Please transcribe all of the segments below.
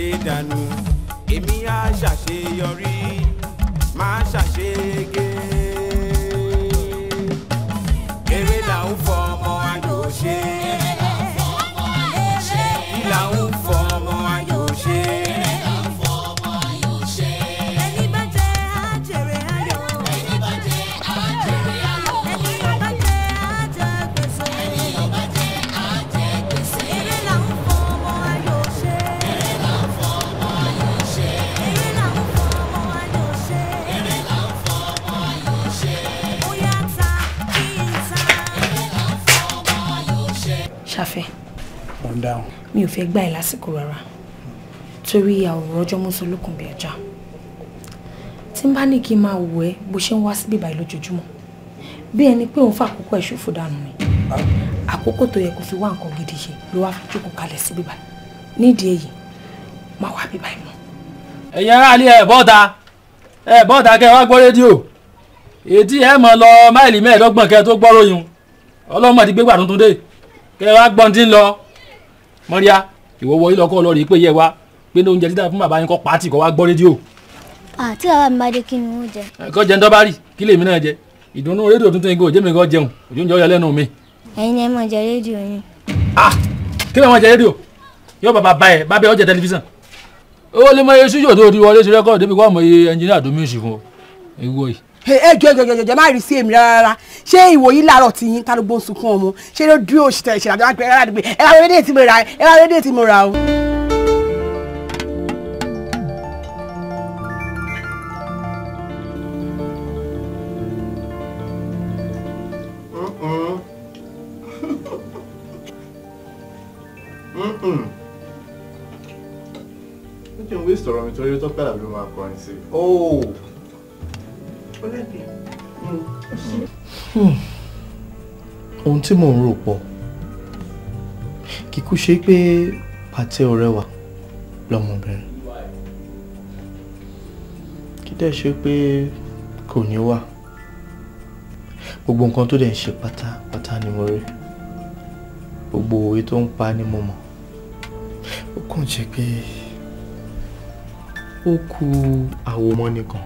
ṣe dànù èmi á ṣàṣeyọrí má ṣàṣeyege. mi ò fẹ́ gbà ẹ́ lásìkò rárá torí àwòrán ọjọ́ mọ́tò lókun bí ẹja tí n bá ní kí n máa wò ẹ́ bó ṣe ń wá síbí báyìí lójoojúmọ́ bí ẹni pé òun fàkókò ẹ̀ ṣòfò dànù ni àkókò tó yẹ kó fi wá nǹkan gidi ṣe ló wá fi jókòó kalẹ̀ síbí báyìí nídìí èyí má wá bí báyìí mọ́. ẹ̀yin aráàlú ẹ̀ bọ́ta ẹ̀ bọ́ta kẹ́ ẹ wá gbọ́ rédíò ètí ẹ̀ mọ̀ lọ máìlì mẹ́ẹ̀ẹ́dọ́gbọ̀n kẹ́ ẹ tó gbọ́ ròyìn ọlọ́mọdé gbégbà tuntun dé kẹ́ ẹ wá gbọ́n lọ mọ́ríà ìwọ wọ ilọ̀kọ́ lọ́ọ̀rì pé yẹ wa pé ní oúnjẹ títà fún bàbá yín kọ́ pàtì kọ́ wa gbọ́ rédíò. àti bàbá mi bá dé kí ni wọ́n jẹ. ẹ̀kọ́ jẹun tọ́ba rì kí lèmi náà jẹ ìdùnnú rédíò tuntun igun òjé mi kọ́ jẹun òjò ń jẹ́ ọ̀yọ́ lẹ́nu mi. ẹ̀yin ni ẹ máa jẹ rédíò yín. ah kí ni wọn jẹ rédíò yóò bàbá bá ẹ bá bẹ ọjẹ tẹlifíṣàn ó lè mọ iye síjò tó ti wọlé sí rẹ́kọ̀dù débi kó àmọ iye ẹnjìníà ẹ jọ jọ jọ jọ má rí sí èmi rárá ṣé ìwòyí làárọ̀ tí yín tá ló gbóhùn sunkún ọmọ ṣé ló dúró ṣètò ìṣẹ̀lẹ̀ àti àgbẹ̀ ẹ̀rọ àdìgbẹ́ ẹ̀rọ rédíò tí mo ra ẹ̀rọ rédíò tí mo ra o. ó jẹun wíṣọ̀rọ̀ mi torí ó tọ́ pẹ́lá mo máa kọrin sí i. Oh ọlẹ́bí. Hmm. ohun tí mò ń rò pọ̀ kíkú ṣe pé pàtẹ ọ̀rẹ́ wa lọ́mọbìnrin kí dẹ̀ ṣe pé kò ní wà gbogbo nǹkan tó dẹ̀ ń ṣe pátápátá ni mo rí gbogbo òwe tó ń pa ni mo mọ̀ ó kàn jẹ́ pé ó ku àwòmọ́ nìkan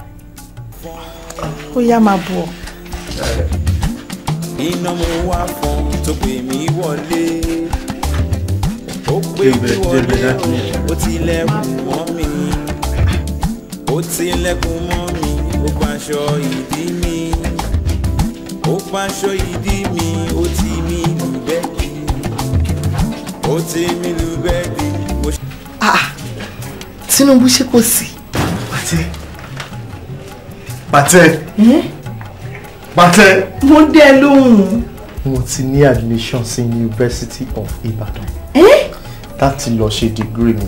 ó yá máa bù ọ. iná mo wá fún tó pè mí wọlé ó pè mí wọlé ó tilẹ̀kùn mọ́ mi ó tilẹ̀kùn mọ́ mi ó paṣọ ìdí mi ó paṣọ ìdí mi ó ti mi lù bẹ́ẹ̀kì ó ti mi lù bẹ́ẹ̀kì. Ah, Tinubu ṣe kò sí pàtẹ. pàtẹ. mo dé ẹ lóhùn. mo ti ní admission sí University of Ibadan. láti lọ ṣe degree mi.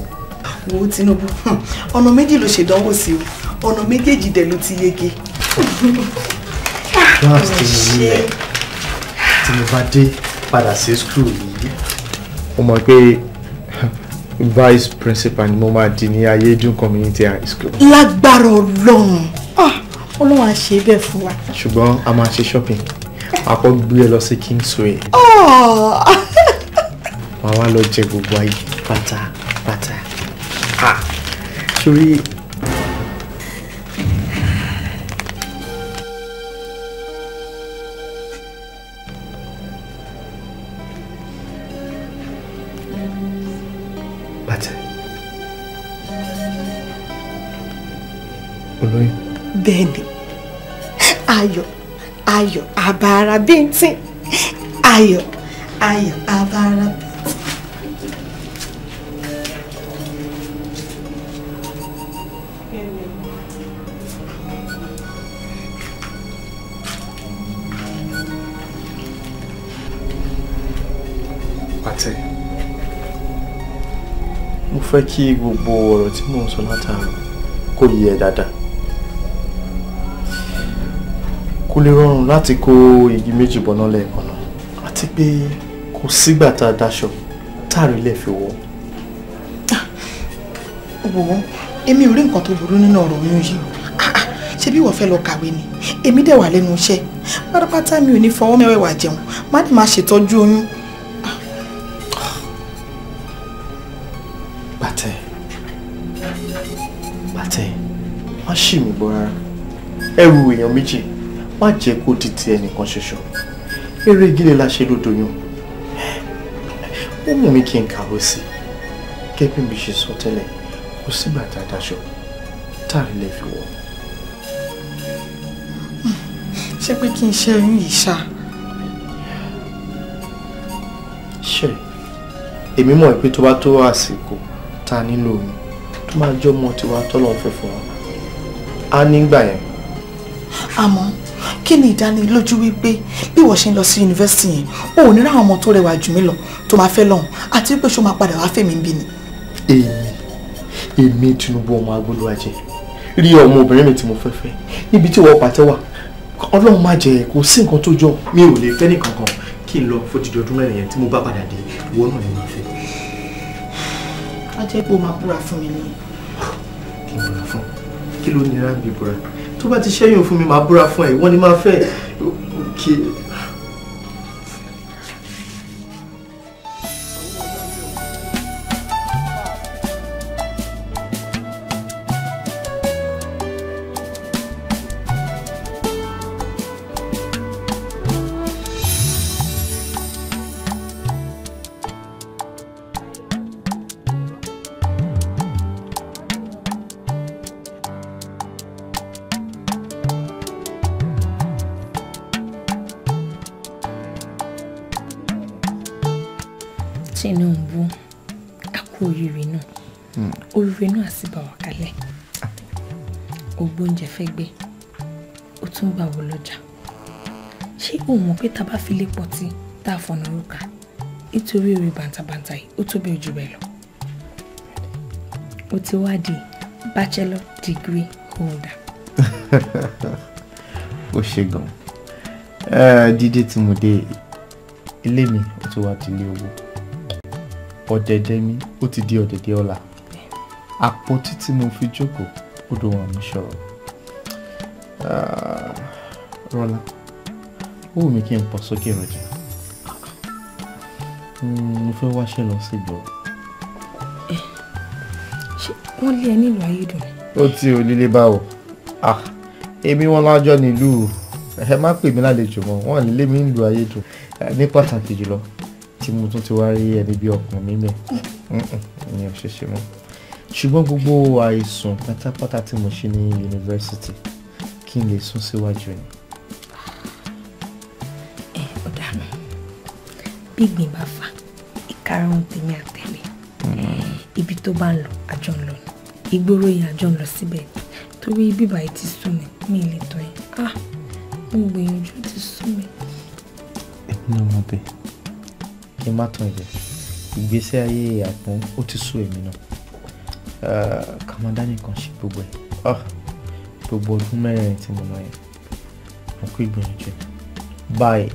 wo Tinubu hmm. ọ̀nà méjì ló ṣèdánwò sí o ọ̀nà méjèèjì dẹ̀ ló ti yege. class ti mi nílẹ̀ tí mo bá dé padà sí school yìí mo mọ̀ pé vice principal ni mo máa di ní ayédùn community high school. lágbára ọlọ́run Ọlọ́run a ṣe bẹ́ẹ̀ fún wa. ṣùgbọ́n a máa ṣe shopping àpò gbé ẹ lọ sí Kingsway. wàá wá lọ jẹ gbogbo ayé pátápátá sórí Olóyún. bẹ́ẹ̀ ni ayọ̀ ayọ̀ àbára bíntín ayọ̀ ayọ̀ Eu bíntín. fẹ́ kí gbogbo ọ̀rọ̀ tí mò não sọ látàárọ̀ kó yé ẹ kò lè rọrùn láti kó igi méjì bọ́ná lẹ́ẹ̀kan náà àti pé kò sígbà tá a daṣọ táàrí lè fi wọ̀. Ah, wò ó èmi ò rí nǹkan tó burú nínú ọ̀rọ̀ oyún yìí ah, ah, ṣé bí wọ́n fẹ́ lọ kàwé ni èmi dẹ̀ wà lẹ́nu iṣẹ́ pátápátá mi ò ní fọwọ́ mẹ́wẹ̀ẹ̀wà jẹun má dì máa ṣètọ́jú oyún. bàtẹ́ bàtẹ́ má ṣì mí gbọ́ rárá ẹrù èèyàn méjì má jẹ́ kó di ti ẹnìkan ṣoṣo eré ìgílé la ṣe ló doyún ó mú mi kí n kàwé sí i gẹ́gẹ́ bí ṣe sọ tẹ́lẹ̀ kò sígbà tá a daṣọ tá a lè fi wọ̀. ṣé pé kí n ṣe oyún yìí ṣá. ṣe èmi mọ̀ pé tó bá tó àsìkò tá a nílò omi tó máa jọ́ mọ́ tiwa tọ́lọ́ fẹ́ fún wa a nígbà yẹn. àmọ́ kí ni ìdánilójú wípé bí wọ́n ṣe ń lọ sí yunifásitì yẹn o ò ní ráwọn ọmọ tó rẹwà jù mí lọ tó máa fẹ́ lọ́hùn àti wípé ṣó máa padà wá fèmí bí ni. èmi èmi Tinubu ọmọ agbóluwàjẹ rí ọmọ obìnrin mi tí mo fẹ́ fẹ́ níbi tí wọ́n pàtẹ́ wà ọlọ́run má jẹ kó sí nǹkan tó jọ mi ò lè fẹ́ nìkankan kí n lọ fojìdí ọdún mẹ́rin yẹn tí mo bá padà dé ìwọ náà ni màá fẹ́. a jẹ́ pé o máa búra fún mi ni tó bá ti ṣẹ́yìn fún mi màá búra fún ẹ ìwọ ni máa fẹ́ òkè. fọ̀nà rúkà nítorí orí bàǹtàbàǹtà yìí ó tó bẹ́ẹ̀ jù bẹ́ẹ̀ lọ. ó ti wá di bachelor degree holder. ó ṣe gan dídé tí mo dé ilé mi ó ti wá di ilé owó ọ̀dẹ̀dẹ̀ mi ó ti di ọ̀dẹ̀dẹ̀ ọ̀la àpótí tí mo fi jókòó ó dùn wọn mi sọ̀rọ̀ ah, rọ́lá ó wù mí kí n pọ̀ sókè rẹ̀ jù mo fẹ́ wáṣẹ́ lọ síjọ. Eh, ṣé wọ́n lé ẹ nílùú ayédùn. ó ti onílé báwo ah, èmi wọn lájọ nílùú ẹ má pè mí lálejò mọ́ wọn nílé mi ń lu ayédùn ní pàtàkì jùlọ tí mo tún ti wá rí ẹni bí ọkàn mi mẹ ní ọ̀ṣẹ̀ṣẹ̀ mọ́ ṣùgbọ́n gbogbo àìsàn pátápátá tí mo ṣe ní yunifásitì kí n lè sún síwájú ẹ̀ bí ìgbín bá fà ìkarahun tèmi àtẹ̀lé hmm. ibi tó bá ń lọ àjọ ń lọ ni ìgboro yìí àjọ ń lọ síbẹ̀ ni torí bíbá yìí ti sú mi mi lè tọ́ yẹn ah mo gbìyànjú ti sú mi. èmi náà mọ̀ bẹ́ẹ̀ kí n má tàn yẹ ìgbésí ayé àpọ́n ó ti sú èmi náà ah, kàmọ́dá nìkan ṣe gbogbo ẹ̀ ah! gbogbo ọdún mẹ́rin tí mo lọ yẹn mo kú ìgbìyànjú báyìí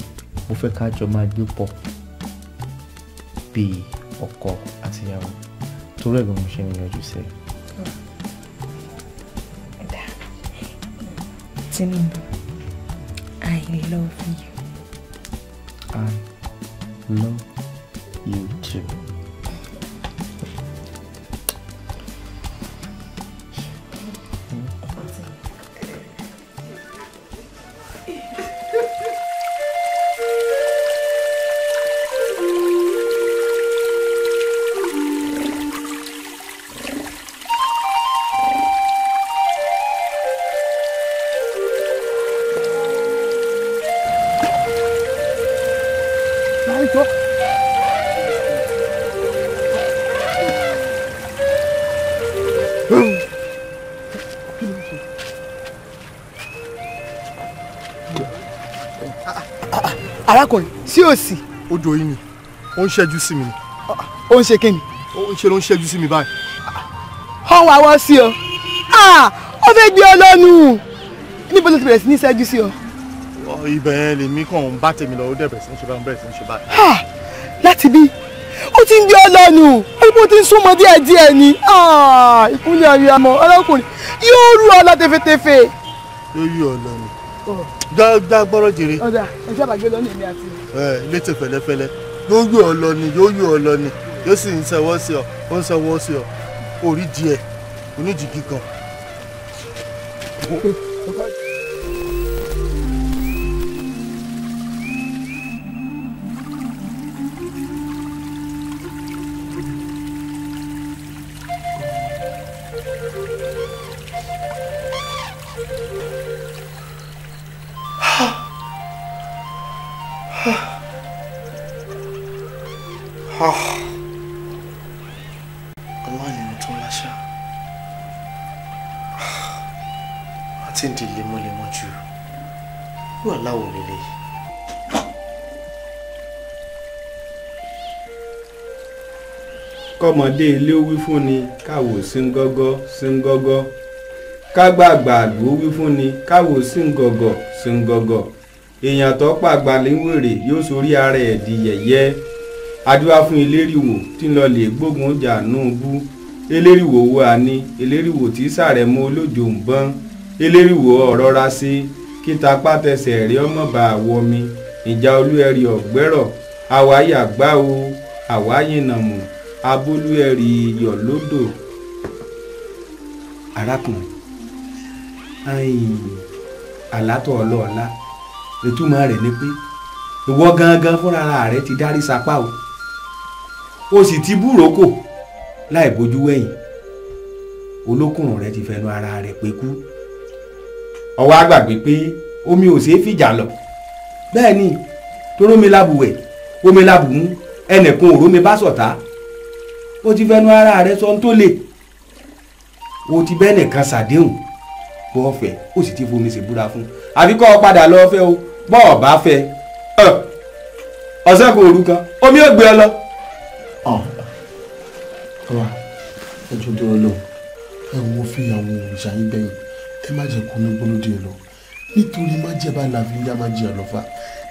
mo fẹ́ ká jọ máa gbé pọ̀ bíi ọkọ àtìyàwó torí ẹ̀gbọ́n mo ṣe ń yọjú sí ẹ. Tinubu I love you. I love you. arákùnrin sí òsì. ojú oyin ni ó ń ṣẹ́jú sí mi ni. ó ń ṣe kí ni. ó ń ṣe ló ń ṣẹ́jú sí mi báyìí. ọ wà wọ́ sí ọ ah, ó fẹ́ gbé ọ lọ́nu níbo ló ti bẹ̀rẹ̀ sí ní ṣẹ́jú sí ọ. ibẹ̀ yẹn lèmi kàn ń bá tèmi lọ ó dẹ̀ bẹ̀rẹ̀ sí ń ṣe báyìí bẹ̀rẹ̀ sí ń ṣe báyìí. láti bí ó ti ń gbé ọ lọ́nu ó ti ń súnmọ́ díẹ̀ díẹ̀ ni ah, ìkúnlẹ̀ àríyàmọ́ arákùnrin yóò rú ọ lọ tẹfẹtẹfẹ. yóò yí ọ lọ́nu gbá gbọ́rọ̀ jèrè. ọ̀dà ẹ sábà gbé lọ́nà èmi àti. ẹ létí fẹlẹfẹlẹ yóò yọ ọ lọ ni yóò yọ ọ lọ ni yóò sì ń sanwó sí ọ ó ń sanwó sí ọ orí díẹ̀ oníjìgì gan. kọ́mọdé ilé wí fún ni káwò sí ń gọ́gọ́ sí ń gọ́gọ́ kágbàgbà àgbò wí fún ni káwò sí ń gọ̀gọ̀ sí ń gọ̀gọ̀ èèyàn tó pàgbà léwèrè yóò sorí ara ẹ̀ di yẹ̀yẹ́ adúlá fún eléríwò tí ń lọ lè gbógun ọjà nùbú eléríwò wo àní eléríwò tí sàrẹ̀ mọ́ olójó ń bọ́n eléríwò ọ̀rọ̀ ra sí kíta pátẹsẹ̀ rí ọmọ bá àwọ̀ mi ìjà olú ẹ̀rí ọ̀gbẹ́rọ̀ àwáyé àgbá o àwáyé nàmù abolúẹ̀rì iyọ̀ lódò arákùnrin ayin àlátọ̀ ọlọ́ọ̀lá ìtumọ̀ rẹ̀ ni pé ìwọ gangan fúnra rẹ ti dárí sapá o o sì ti búròkò láì bójú wẹ̀yìn olókùnrin rẹ ti fẹnu ara rẹ pé kú ọwọ́ àgbàgbé pé omi ò ṣeé fìjà lọ bẹ́ẹ̀ ni torómi lábùwẹ̀ omi lábùmú ẹnìkan òrómi bá sọ̀tá. So o ti fẹnu ara rẹ sọ tó le o ti bẹ́ẹ̀ nìkan ṣàdéhùn bọ́ ọ̀fẹ́ o sì ti fomi ṣèbúra fún àfi kọ́ ọ padà lọ fẹ́ o bọ́ ọ bá fẹ́ ọ̀sẹ̀ kò rú kan omi ò gbé ọ lọ. ọ̀rọ̀ ẹjọ́ dúró lọ ẹ wọ́n fi àwọn òòṣà yín bẹ́yìn ẹ má jẹ́ kó ní gbólódé lọ nítorí má jẹ́ bá làfi yá má jẹ́ ọ̀lọ́fà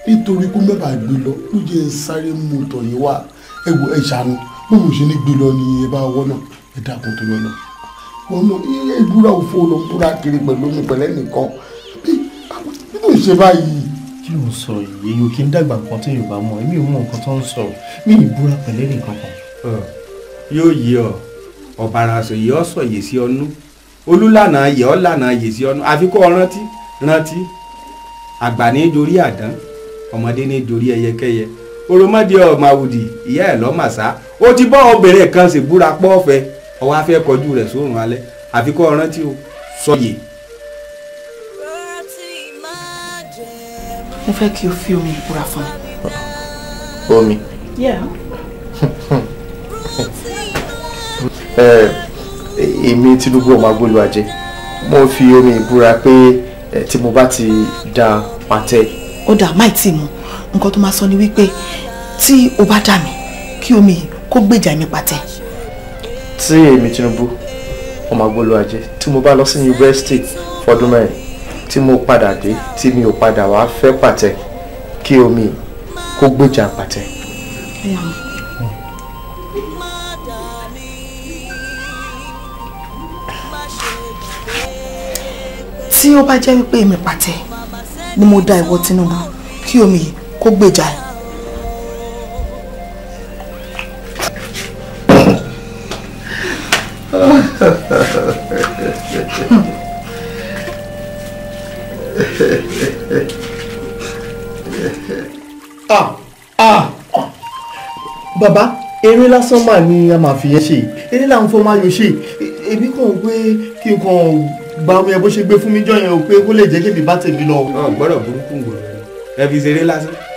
nítorí kó mẹ́bàá gbé lọ ló jẹ́ sáré mú tọ̀yìn wá ẹ wo ẹ ṣàánú bí mo ṣe ní gbé lọ ni ẹ bá wọ náà ẹ dákun tó lọ náà ọ̀nà iye ìbúra òfo ló ń búra kiri pẹ̀lú mi pẹ̀lẹ́ nìkan bí mo ṣe báyìí. kí ló ń sọ yìí èyí ò kí ń dàgbà nǹkan tó yorùbá mọ èmi ò mọ nǹkan tó ń sọ mi ì búra pẹ̀lẹ́ nìkan kan. yóò yí ọ ọ̀bàrà àṣọ yìí ọ sọ yèsí ọnú olúlànà yẹ ọ lànà yèsí ọnú àfi kó rántí rántí àgbà ní dorí àdán ọmọdé ní dorí ẹyẹkẹyẹ oromọdé ọmọ àwòdì ìyá ẹ̀ lọ́màṣá ó ti bọ́ obìnrin kan ṣèbúra pọ́ọ̀fẹ́ ọwọ́ afẹ́ kọjú rẹ̀ sórun alẹ́ àfikọ́ ọ̀rántí o sọyè. mo fẹ́ kí o fi omi ìbúra fún mi. omi. Eh, èmi Tinubu ọmọ agbólu ajé mo fi omi ìbúra pé eh, tí mo bá ti dá pàtẹ. ó dà máì tí mu nǹkan tó máa sọ ni wípé tí o bá dà mí kí omi yìí kó gbèjà mi pàtẹ. tí èmi Tinubu ọmọ agbolo ajé tí mo bá lọ sí yunifásitì fọdún mẹ́rin tí mo padà dé tí mi ò padà wá fẹ́ pàtẹ kí omi kó gbèjà pàtẹ. tí ó bá jẹ́ wípé èmi pàtẹ ni mo dá ìwọ Tinubu kí omi yìí kó gbèjà ẹ̀. ah ah bàbá eré lásán mà ni a máa fi yẹn ṣe eré là ń fọ máa yọ ṣe èmi kàn pé kí n kàn gba omi ẹ bó ṣe gbé fún mi jọyàn o pé kó lè jẹ́ kébi bá tèmi lọ. ọ̀gbọ́dọ̀ ah, burúkú ń ẹ fi ṣeré lásán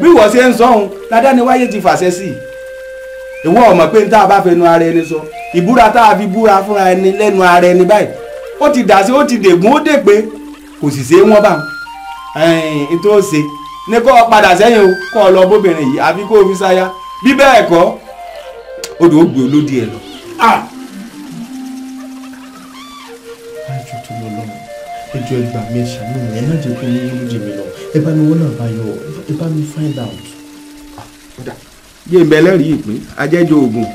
bí ìwọ ṣe ń sọ òun dáadáa ni wáyé ti fàṣẹ sí i ìwọ ọmọ pé tá a bá fẹnu ara ẹni sọ ìbúra tá a fi búra fúnra ẹni lẹ́nu ara ẹni báyìí ó ti dà sí ó ti dègún ó dègbé kò sì ṣe é bá ń tó ṣe ní kó padà sẹ́yìn o kó lọ bóbìnrin yìí àfi kó fi ṣáyà bí bẹ́ẹ̀ kọ́ odò ó gbé olódì ẹ̀ lọ. ẹjọ́ ẹgbàá mi ẹ̀ ṣàánú mi ẹ má jẹ́ kó ní olódì mi lọ ẹ bá mi wọ́n náà bá yọ ọ́ ẹ bá mi find out. Ah, yéèmbẹ lẹ́rìí ìpín ajẹ́jọ oògùn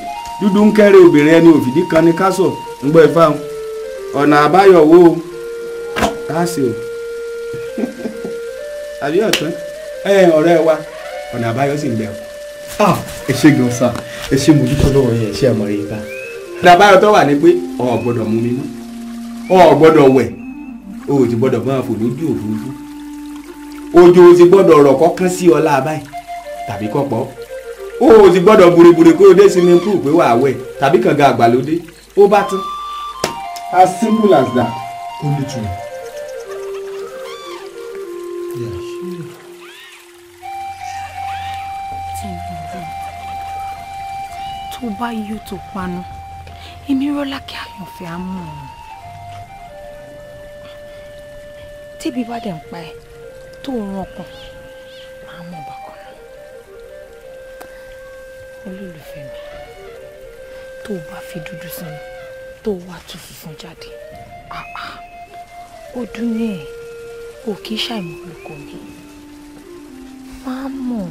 dúdú ń kẹ́rẹ́ obìnrin ẹni òfìdí kan ní kásọ̀ ń gbọ́ ifá ọ̀nà àbáyọ wo káàsì o àbí ọ̀tún ẹ ọ̀rẹ́ wa ọ̀nà àbáyọ sì ń bẹ̀ ọ́. Ah, ẹ ṣe gan sa ẹ ṣe mo dúpẹ́ lọ́wọ́ yẹn ẹ ṣe àmọ́ yìí bá. ọ̀nà àbáyọ tó wà ní pé o gbọ́dọ̀ mú mi mọ́ o gbọ́dọ̀ wẹ̀ o ò ti gbọ́dọ̀ máa fò lójú òfurufú òjò ò sì gbọ́dọ̀ ọ̀rọ̀ kọ́kán sí ọ láàbá yìí tàbí kọ́pọ́ o ò sì gbọ́dọ̀ bùrùbùrù kó o dé swimming pool pé wàá wẹ̀ tàbí kànga àgbàlódé ó bá tán. as simple as that ó lè tún. tó bá yóò tó panu èmi rọ́lá kí àyànfẹ́ á mọ̀ ọ́n tíbi bá dẹ̀ ń pa ẹ́ tó ràn ọkàn máa mọ̀ bákan náà olólùfẹ́ mi tó o bá fi dúdú sínú tó o wá tú funfun jáde ó dún ní ẹ̀ o kì í ṣàìmọ̀lùkọ mi máa mọ̀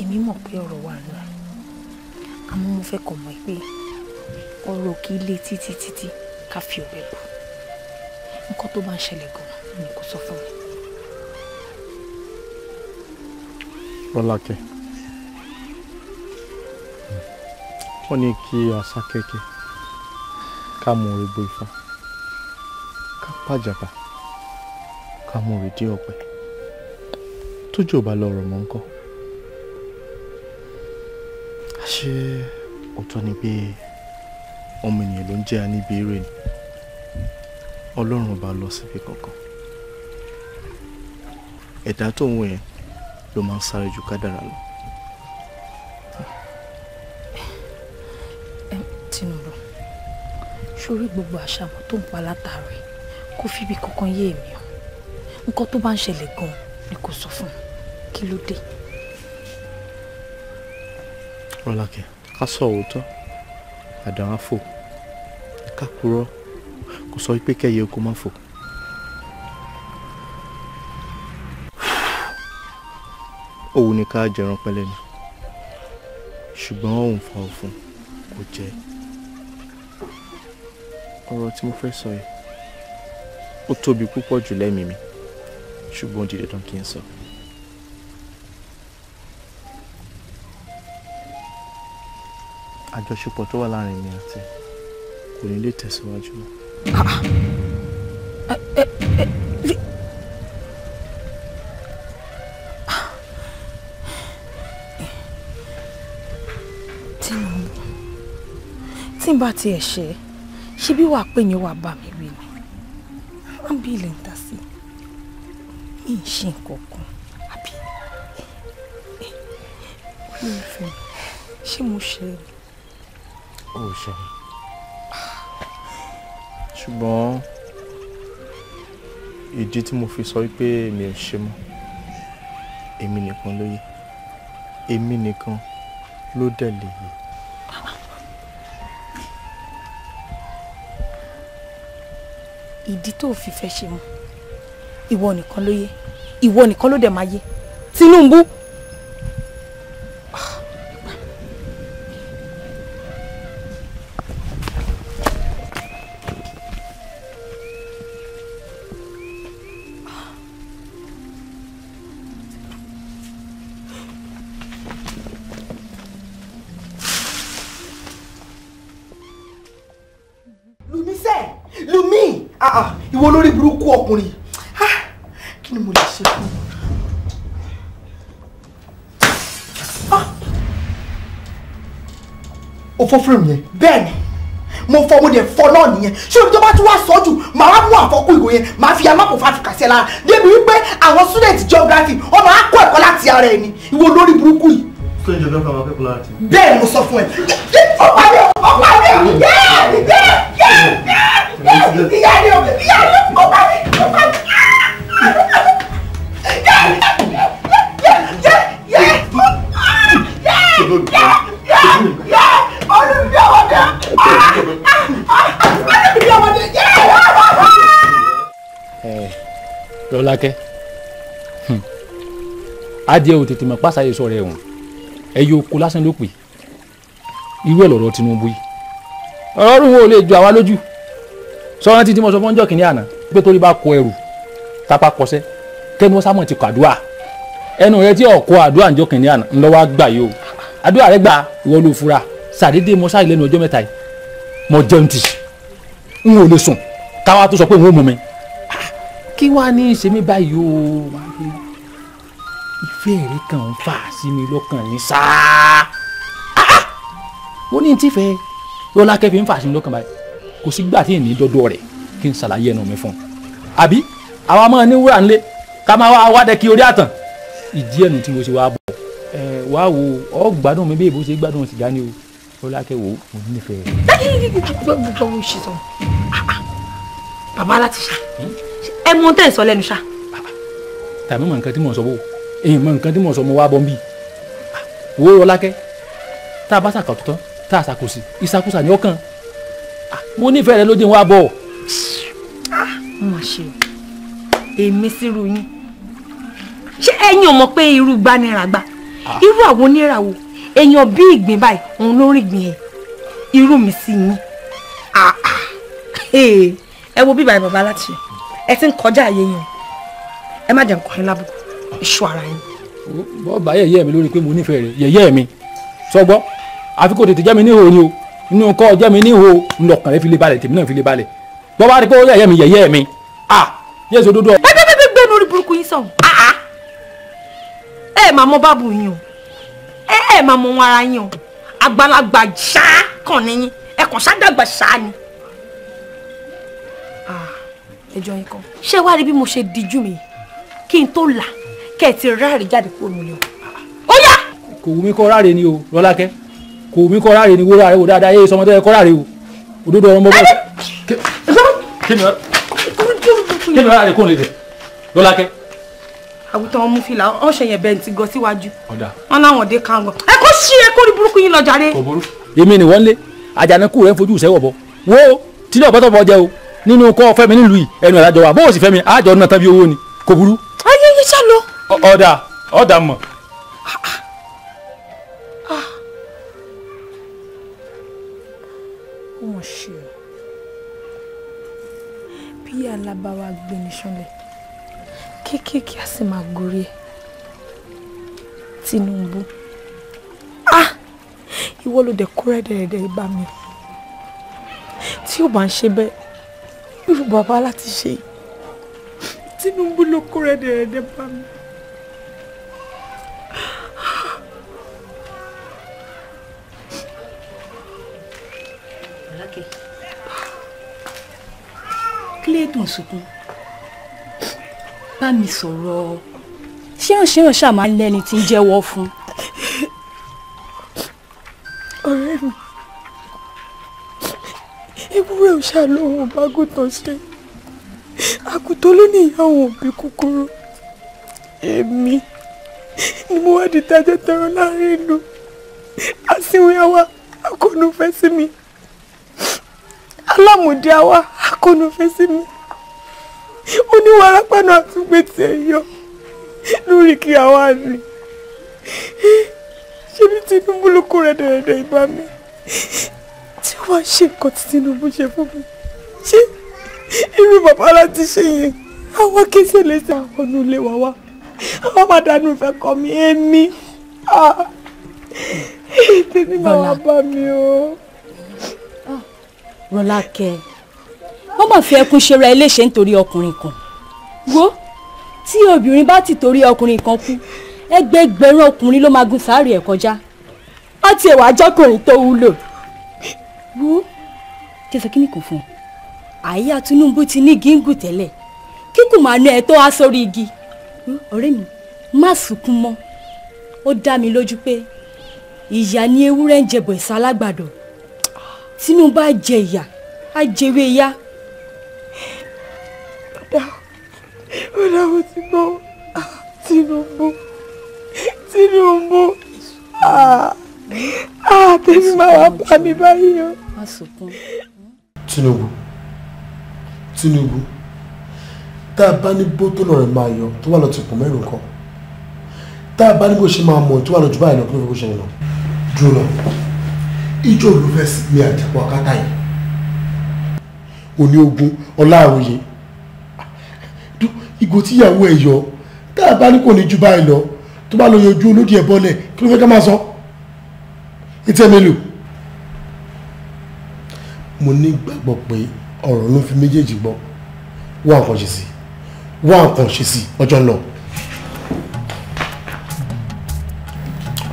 èmi mọ̀ pé ọ̀rọ̀ wà nù àmọ́ mo fẹ́ kọ̀ mọ́ pé ọ̀rọ̀ kì í le títí títí ká fi ọ̀bẹ bọ̀ tó bá ń ṣẹlẹ̀ gan-an ni kò sọ fún mi. Bọ́lákẹ́ wọ́n ní kí a sá kẹ́kẹ́ ká mú egbò ifá ká pàjàbà ká mú rèdí ọ̀pẹ tójú ò bá lọ rọ̀ mọ́ ńkọ́ àṣé òótọ́ ni pé ọmọ ènìyàn ló ń jẹ́ aníbi eré ni ọlọ́run ọba lọ síbi kankan ẹ̀dá tó ń wọ̀ yẹn ló máa ń sáré ju kádàrá lọ. Tinubu sórí gbogbo àṣàmọ tó ń pa látàrí kó fíbi kankan yé èmi o nǹkan tó bá ń ṣẹlẹ̀ gan-an ni kò sọ fún un kí ló dé. Rọ́lákẹ́ ká sọ òótọ́ àdàáfò ká purọ́ kò sọ pé kẹ́yẹ oko máa fò. òun ni ká jẹran pẹ́lẹ́ ni ṣùgbọ́n òun fa òfun kò jẹ́ ọ̀rọ̀ tí mo fẹ́ sọ yìí ó tóbi púpọ̀ jù lẹ́mìí mi ṣùgbọ́n ó di dandan kí n sọ. àjọṣepọ̀ tó wà láàrin mi àti kò ní lè tẹ̀síwájú mọ́. Tinubu tí n bá tiẹ̀ ṣe ṣe bí wàá pè yín wàá bá mi wí ni wọ́n bí ilẹ̀ ń ta sí mi ì ṣe nǹkan kan àbí mi ò ṣé mo ṣe. o ò ṣe ṣùgbọ́n ìdí tí mo fi sọ wípé mi ò ṣe mọ́ èmi nìkan ló yẹ èmi nìkan ló dẹ̀ lè yẹ. ìdí tó fi fẹ́ ṣe mọ́ ìwọ nìkan ló yẹ ìwọ nìkan ló dẹ̀ máa yẹ Tinubu. o fọ́ fúrẹ́mù yẹn. bẹ́ẹ̀ni mo fọ de dẹ̀ fọ náà nìyẹn ṣùgbọ́n tó bá tún wá sọ jù màá wá mú àfọkù ìgò yẹn màá fi amápò fàáfù kà sí ẹ lára débi wípé àwọn student geography ọmọ akọ ẹ̀kọ́ láti ara ẹni ìwọ lórí burúkú yìí. student geography ọmọ akẹ́kọ̀ọ́ láti. bẹ́ẹ̀ mo sọ fún ẹ ọ̀pá mi ọ̀pá mi ìyá ni ìyá ni ìyá ni ìyá ni. lọ́lákẹ́ hmm. adìẹ ò tètè mọ̀ pàṣẹ sọ̀rọ̀ ẹ̀wọ̀n ẹ̀yẹ oko lásán ló pè irú ẹ̀ lọ̀rọ̀ Tinubu yìí ọ̀rọ̀ rúwọ́ ò lè ju àwa lójú sọ́wọ́n ti tí mo sọ fún ọjọ́ kìíní àná pé torí bá kọ ẹrù tápá kọsẹ́ kẹ́nu ọ̀sá mọ̀ ti kọ àdúrà ẹnu rẹ tí ọ̀kọ́ àdúrà ǹjọ́ kìíní àná ńlọ́wọ́ gbà yìí o àdúrà rẹ gbà ìwọ ló fura sàdédé mo sáré lẹ́nu ọjọ́ mẹ́ta yìí mo jẹun tì n ò lè sùn káwa tó sọ pé n ò mọ̀ mi kí wàá ní ṣe mí báyìí o ìfẹ́ rẹ kàn ń fà sí mi lọ́kàn ní sáà mo ní tífẹ́ lọ́lákẹ́ fi ń fà sí mi lọ́kàn báyìí kò sígbà tí ènìyàn dọ́dọ̀ rẹ̀ kí n ṣàlàyé ẹnu mi fún un àbí àwa máa ní wúrà ńlẹ̀ ká máa wá wádẹ́ kí orí àtàn ìdí ẹ̀nu tí mo ṣe wá bọ̀ ẹ wá wo ọ gbádùn mi bí èbó ṣe gbádùn sìgá ni o lọ́lákẹ́ wo mo nífẹ̀ẹ́. bàbá aláti ṣá ẹ mọ tẹ́ ẹ̀ sọ lẹ́nu ṣá. tàbí mọ nǹkan tí mò ń sọ wò èyí mọ nǹkan tí mò ń sọ mo wá bọ́ nbí wo ọlákẹ́ tá a bá ṣàkàtútọ́ tá a ṣàkóso ìṣàkóso àní ọkàn ah, mo nífẹ̀ẹ́ rẹ ló dín wá bọ̀. Ah, mo mà ṣe èmi sírú yín ṣé ẹ̀yin ò mọ̀ pé irú gbaniragba ah. irú àwọn oníràwọ̀ èèyàn bí ìgbín báyìí òun ló rí ìgbín yẹn irú mi sí yín ẹ wo bíbá bàbá láti ṣe ẹ ti ń kọjá àyè yẹn ẹ má jẹ́ nǹkan yín lábùkù iṣu ara yín. bọ́ọ̀bà yẹ̀yẹ́ mi lórí pé mo nífẹ̀ẹ́ rẹ̀ yẹ̀yẹ́ mi sọgbọ́ àfi kò tètè jẹ́ mi níhò ni o inú kọ́ jẹ́ mi níhò ńlọkàn rẹ fi lè balẹ̀ tèmi náà fi lè balẹ̀ bọ́ọ̀bà rí pé ó yẹ̀yẹ́ mi yẹ̀yẹ́ mi à yẹ́ sọ dúdú ọ. ẹ bẹ́ẹ̀ bẹ́ẹ̀ gbẹ́nu orí burúkú yín sọ̀hún ẹ máa mọ báàbù yín o ẹ ẹ máa mọ wọn ara yín o àgbàlagbà ṣáà kàn níyìn ẹ kàn ṣáà dàgbà ṣáà ni ẹjọ́ yín kan ṣé wàá rí bí mo ṣe díjú mi kí n tó là kẹ́ ẹ ti ráàrí jáde kúrò nílé o ó yá. kò wù mí kọ́ ráre ni o rọ́lákẹ́ kò wù mí kọ́ ráre ni wó ráre o dáadáa yéé sọmọdé kọ́ ráre o òdodo ọmọ bọ́ọ̀ kí ni ráre kò lè dẹ̀ rọ́lákẹ́. àgùntàn ọmú fìlà wọn ṣe bẹ́ẹ̀ ti gọ síwájú wọn láwọn dé kángan ẹ kó ṣí ẹ kó rí burúkú yín lọ jàre. èmi ni wọ́n lé àjànàkú rẹ̀ ń fojú ìṣẹ́wọ̀ bọ̀ wo tí ní ọ̀pọ̀ tó fọ jẹ o nínú kọ́ fẹ́mi nílùú yìí ẹnu ìlàjọ wa bó o sì fẹ́mi àjọ náà tán bí owó ni kò burú. ayé yìí sá lọ. ọ̀dà ọ̀dà mọ̀. wọ́n ṣe ọ́ bí alábàwá gbéni ṣánlẹ̀ kéékèèké a sì máa gorí ẹ̀ Tinubu ah ìwọ ló dẹ̀ kúrẹ́dẹ̀ẹ́dẹ́ ibà mi tí ó bá ń ṣe bẹ́ẹ̀ irú bàbá láti ṣe Tinubu ló kó rẹ́dẹ̀rẹ́dẹ́ bá mi. kílẹ̀dùn sunkún bá mi sọ̀rọ̀ ṣéhàn ṣéhàn ṣàmà lẹ́ni tí ń jẹ́wọ́ fún. ọ̀rẹ́ mi ewúrẹ́ ò ṣàlóhùn bágùntàn ṣe àgùntàn ló ní ìyá òun òbí kúkúrú èmi ni mo wá di dájọ́ tẹran láàrin ìlú àsìnwìn àwa sí mi alámùdí àwa akọ̀nùfẹ́ sí mi oníwàrápànà àtúgbè tí ẹ yọ lórí kí àwa rìn ṣé ní Tinubu ló kó rẹ̀ dẹ̀rẹ̀dẹ̀ ìbá wá ṣe nǹkan tí Tinubu ṣe fún mi ṣé irú bàbá láti ṣe yẹn àwọn kéṣe lè ṣe àwọn ọ̀nà ilé wa wá àwọn máa dànù ìfẹ́ kọ́ mi èmi ètè ní màá wá bá mi o. Rọ́lákẹ́ wọ́n máa fi ẹkún ṣera eléṣe nítorí ọkùnrin kan wo tí obìnrin bá ti torí ọkùnrin kan kú ẹgbẹẹgbẹ̀rún ọkùnrin ló máa gun sáré ẹ̀ kọjá ọtí ẹ̀wà jọkùnrin tó wúlò wo jẹ́ sọ kíní kan fún ọ àyà Tinubu ti ní gígùn tẹ́lẹ̀ kíkùn máa ná ẹ tó wá sórí igi ọ̀rẹ́ mi má sunkún mọ́ ó dá mi lójú pé ìyá ni ewúrẹ́ ń jẹbọ ìsalágbàdo Tinubu á jẹ ìyá á jẹwé yá. dada ó ti gbọ́ Tinubu Tinubu. Ah àtẹ̀mí ah, máa wá bá mi báyìí o. Tinubu Tinubu tá a bá ní bó tó lọ́rẹ̀ máa yọ tó wà lọ ti pọ̀ mẹ́rin kan tá a bá ní bó ṣe máa mọ̀ tó wà lọ jù báyìí lọ kí ló fi kó ṣe lọ. dúró lọ ijó ló fẹ́ sí mi àjàpọ̀ akátá yìí òní ogun ọláòye ìgò tíyàwó ẹ̀ yọ tá a bá ní kò ní jù báyìí lọ tó bá lọ yọjú olódì ẹ̀ bọ́lẹ̀ kí ló fẹ́ ká máa sọ ìtẹ́mẹ́lù mo ní gbàgbọ́ pé ọ̀rọ̀ ló fi méjèèjì gbọ́ wá nǹkan ṣe sí wá nǹkan ṣe sí ọjọ́ náà.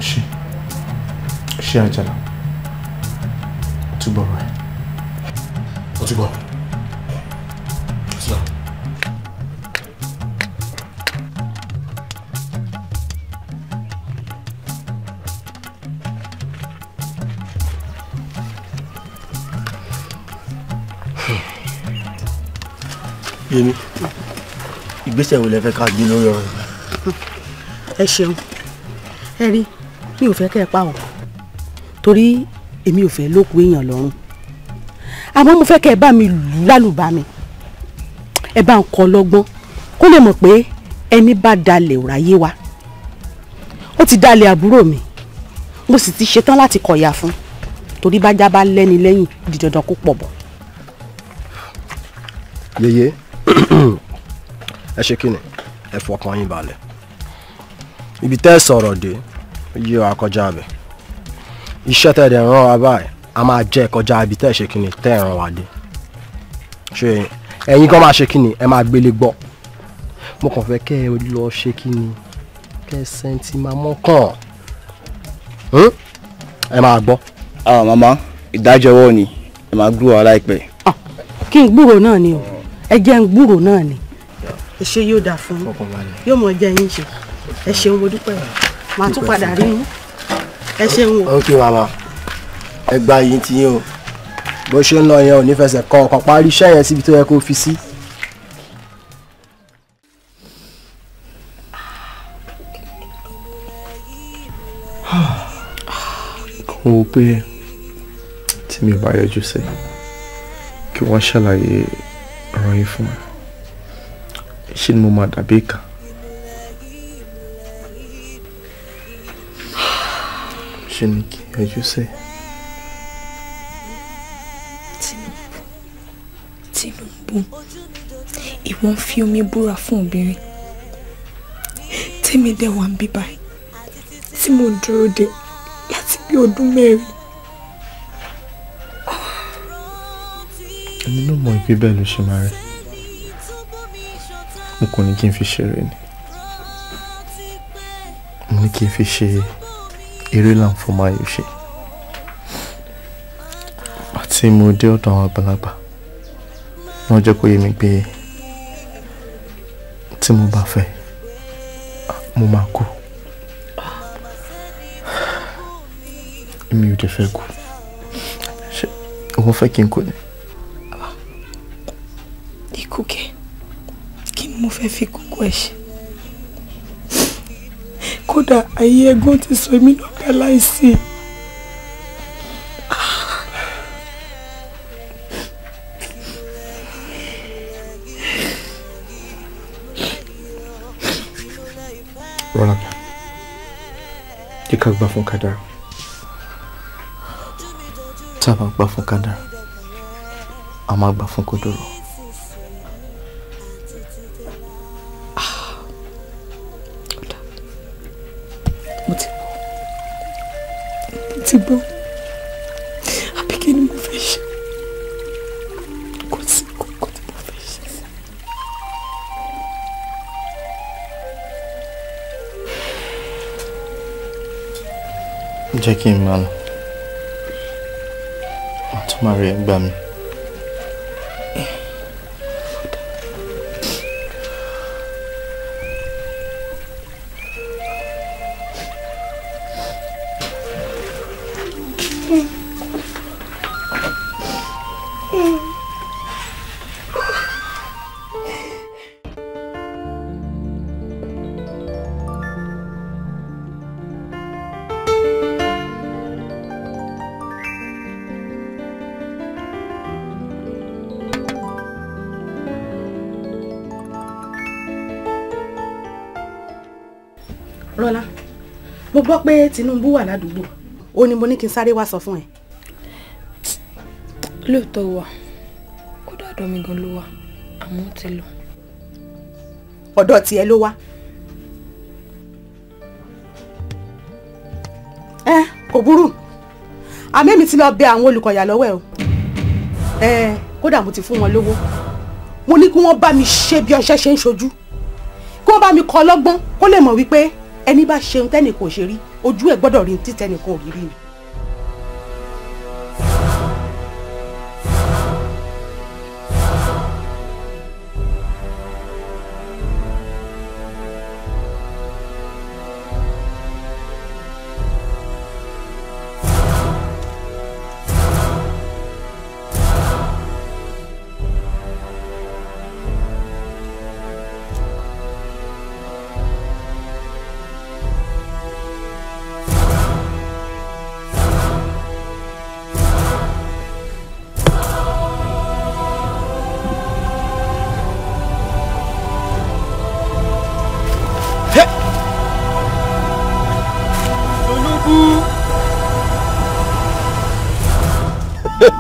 ṣe ṣe àjàlá túbọ̀ rẹ̀. ọtí gbọ́. yẹmi ìgbésẹ̀ wo lẹ fẹ́ ká gbé lórí ọ̀rọ̀ ẹ ṣeun ẹ rí mi ò fẹ́ kẹ́ ẹ pa ọ́ torí èmi ò fẹ́ lókun èèyàn lọ́rùn àmọ́ mo fẹ́ kẹ́ ẹ bá mi lálùbá mi ẹ bá ń kọ́ lọ́gbọ́n kó lè mọ̀ pé ẹni bá dalẹ̀ ò ráyé wa ó ti dalẹ̀ àbúrò mi mo sì ti ṣetán láti kọ̀yà fún torí bájá bá lẹ́ni lẹ́yìn di kó pọ̀ bọ̀. yeye ẹ ṣe kí ni ẹ fọkàn yín balẹ̀ ibi tẹ́ ẹ sọ̀rọ̀ dé yí ọ akọjá bẹ̀ iṣẹ́ tẹ́ ẹ dẹ̀ ràn wá báyìí a máa jẹ́ kọjá ibi tẹ́ ẹ ṣe kí ni tẹ́ ẹ ràn wá dé ṣe ẹ̀yin gan máa ṣe kí ni ẹ máa gbélé gbọ́ mo kàn fẹ́ kẹ́ ẹ lọ ṣe kí ni kẹ́ ẹ sẹ́ńtì máa mọ́ kàn hmm? ẹ máa gbọ́. Ah, màmá ìdájọ́ wọ̀ ni ẹ máa gbúròó aláìpẹ́. Ah, kí n gbúròó náà ni o ẹ jẹ́ ń gbúrò náà ni ẹ ṣe yóò dà fún yóò mọ̀ jẹ́ yín ṣe ẹ ṣeun mo dúpẹ́ màá tún padà rí yín ẹ ṣeun o. ok màmá ẹ gba yín ti yín o bó ṣe ń lọ yẹn ò ní fẹsẹ̀ kọ ọ̀kan parí iṣẹ́ yẹn síbi tó yẹ kó fi sí. mo wò pé tí mi ò bá yọjú sí kí wọ́n ṣàlàyé sọ̀rọ̀ yìí fún ẹ ṣé ni mo máa dàbí ìkà. ṣe ni kí ẹjú sẹ. Tinubu Tinubu ìwọ ń fi omi búra fún obìnrin tèmi dẹ̀ wà ń bíbá tí mo dúró de láti bí ọdún mẹ́rin pé bẹ́ẹ̀ ló ṣe máa rí mo kò ní kí n fi ṣeré ni mo ní kí n fi ṣe eré láǹfọ̀máyò ṣe àti mo dé ọ̀dọ̀ àwọn àgbàlagbà wọ́n jẹ́ kó yé mi pé tí mo bá fẹ́ mo máa kú èmi ò dé fẹ́ kú ṣe òun fẹ́ kí n kú ni. fẹ́ fi kókó ẹ̀ ṣe kódà ayé ẹ̀gbọ́n ti sọ èmi náà bá láìsí rọlápá jẹ́ ká gbà fún kádàrá tá a bá gbà fún kádàrá a máa gbà fún kòdòrò. jẹ́ kí n máa lọ wọ́n tún máa rí ẹ gbà Mm-hmm. gbọ́ pé Tinubu wà ládùúgbò ó ní mo ní kí n sáré wá sọ fún ẹ. lóòótọ́ wà kódà ọ̀dọ̀ mi gan ló wà àmọ́ ti lọ. ọ̀dọ̀ tiẹ̀ ló wá. ẹ kò burú àmọ́ èmi ti lọ bẹ àwọn olùkọ̀yà lọ́wọ́ ẹ o ẹ kódà mo ti fún wọn lówó mo ní kí wọ́n bá mi ṣe bí ọṣẹ ṣe ń ṣojú kí wọ́n bá mi kọ́ ọlọ́gbọ́n kó lè mọ̀ wípé ẹni bá ṣeun tẹ́nì kò ṣe rí ojú ẹ̀ gbọ́dọ̀ rí títẹ́nì kò rí rí ni.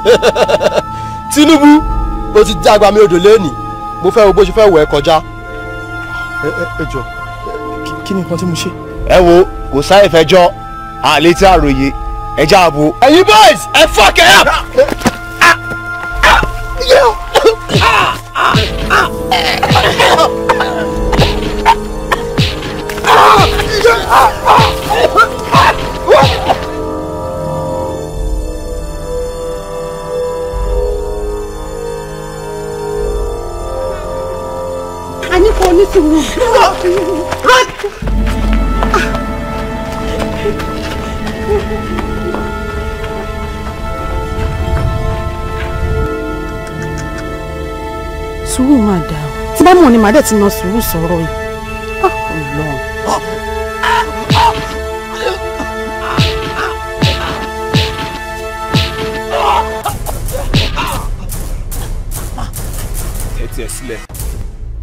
Tinubu o ti já agba mi odò lẹ́ẹ̀nì mo fẹ́ wo bó ṣe fẹ́ wọ̀ ẹ́ kọjá. ẹ ẹ ẹ jọ kí ni nǹkan tí mo ṣe. ẹ wo kò sáyẹ̀ fẹjọ́ àlétí àròyé ẹja àbò. ẹ̀yin boys ẹ fọ́ Run! Sùúrù máa dà o. Tí bá mọ̀ ni màá dẹ̀ ti na sùúrù sọ̀rọ̀ yìí. Ẹ tiẹ̀ sílẹ̀,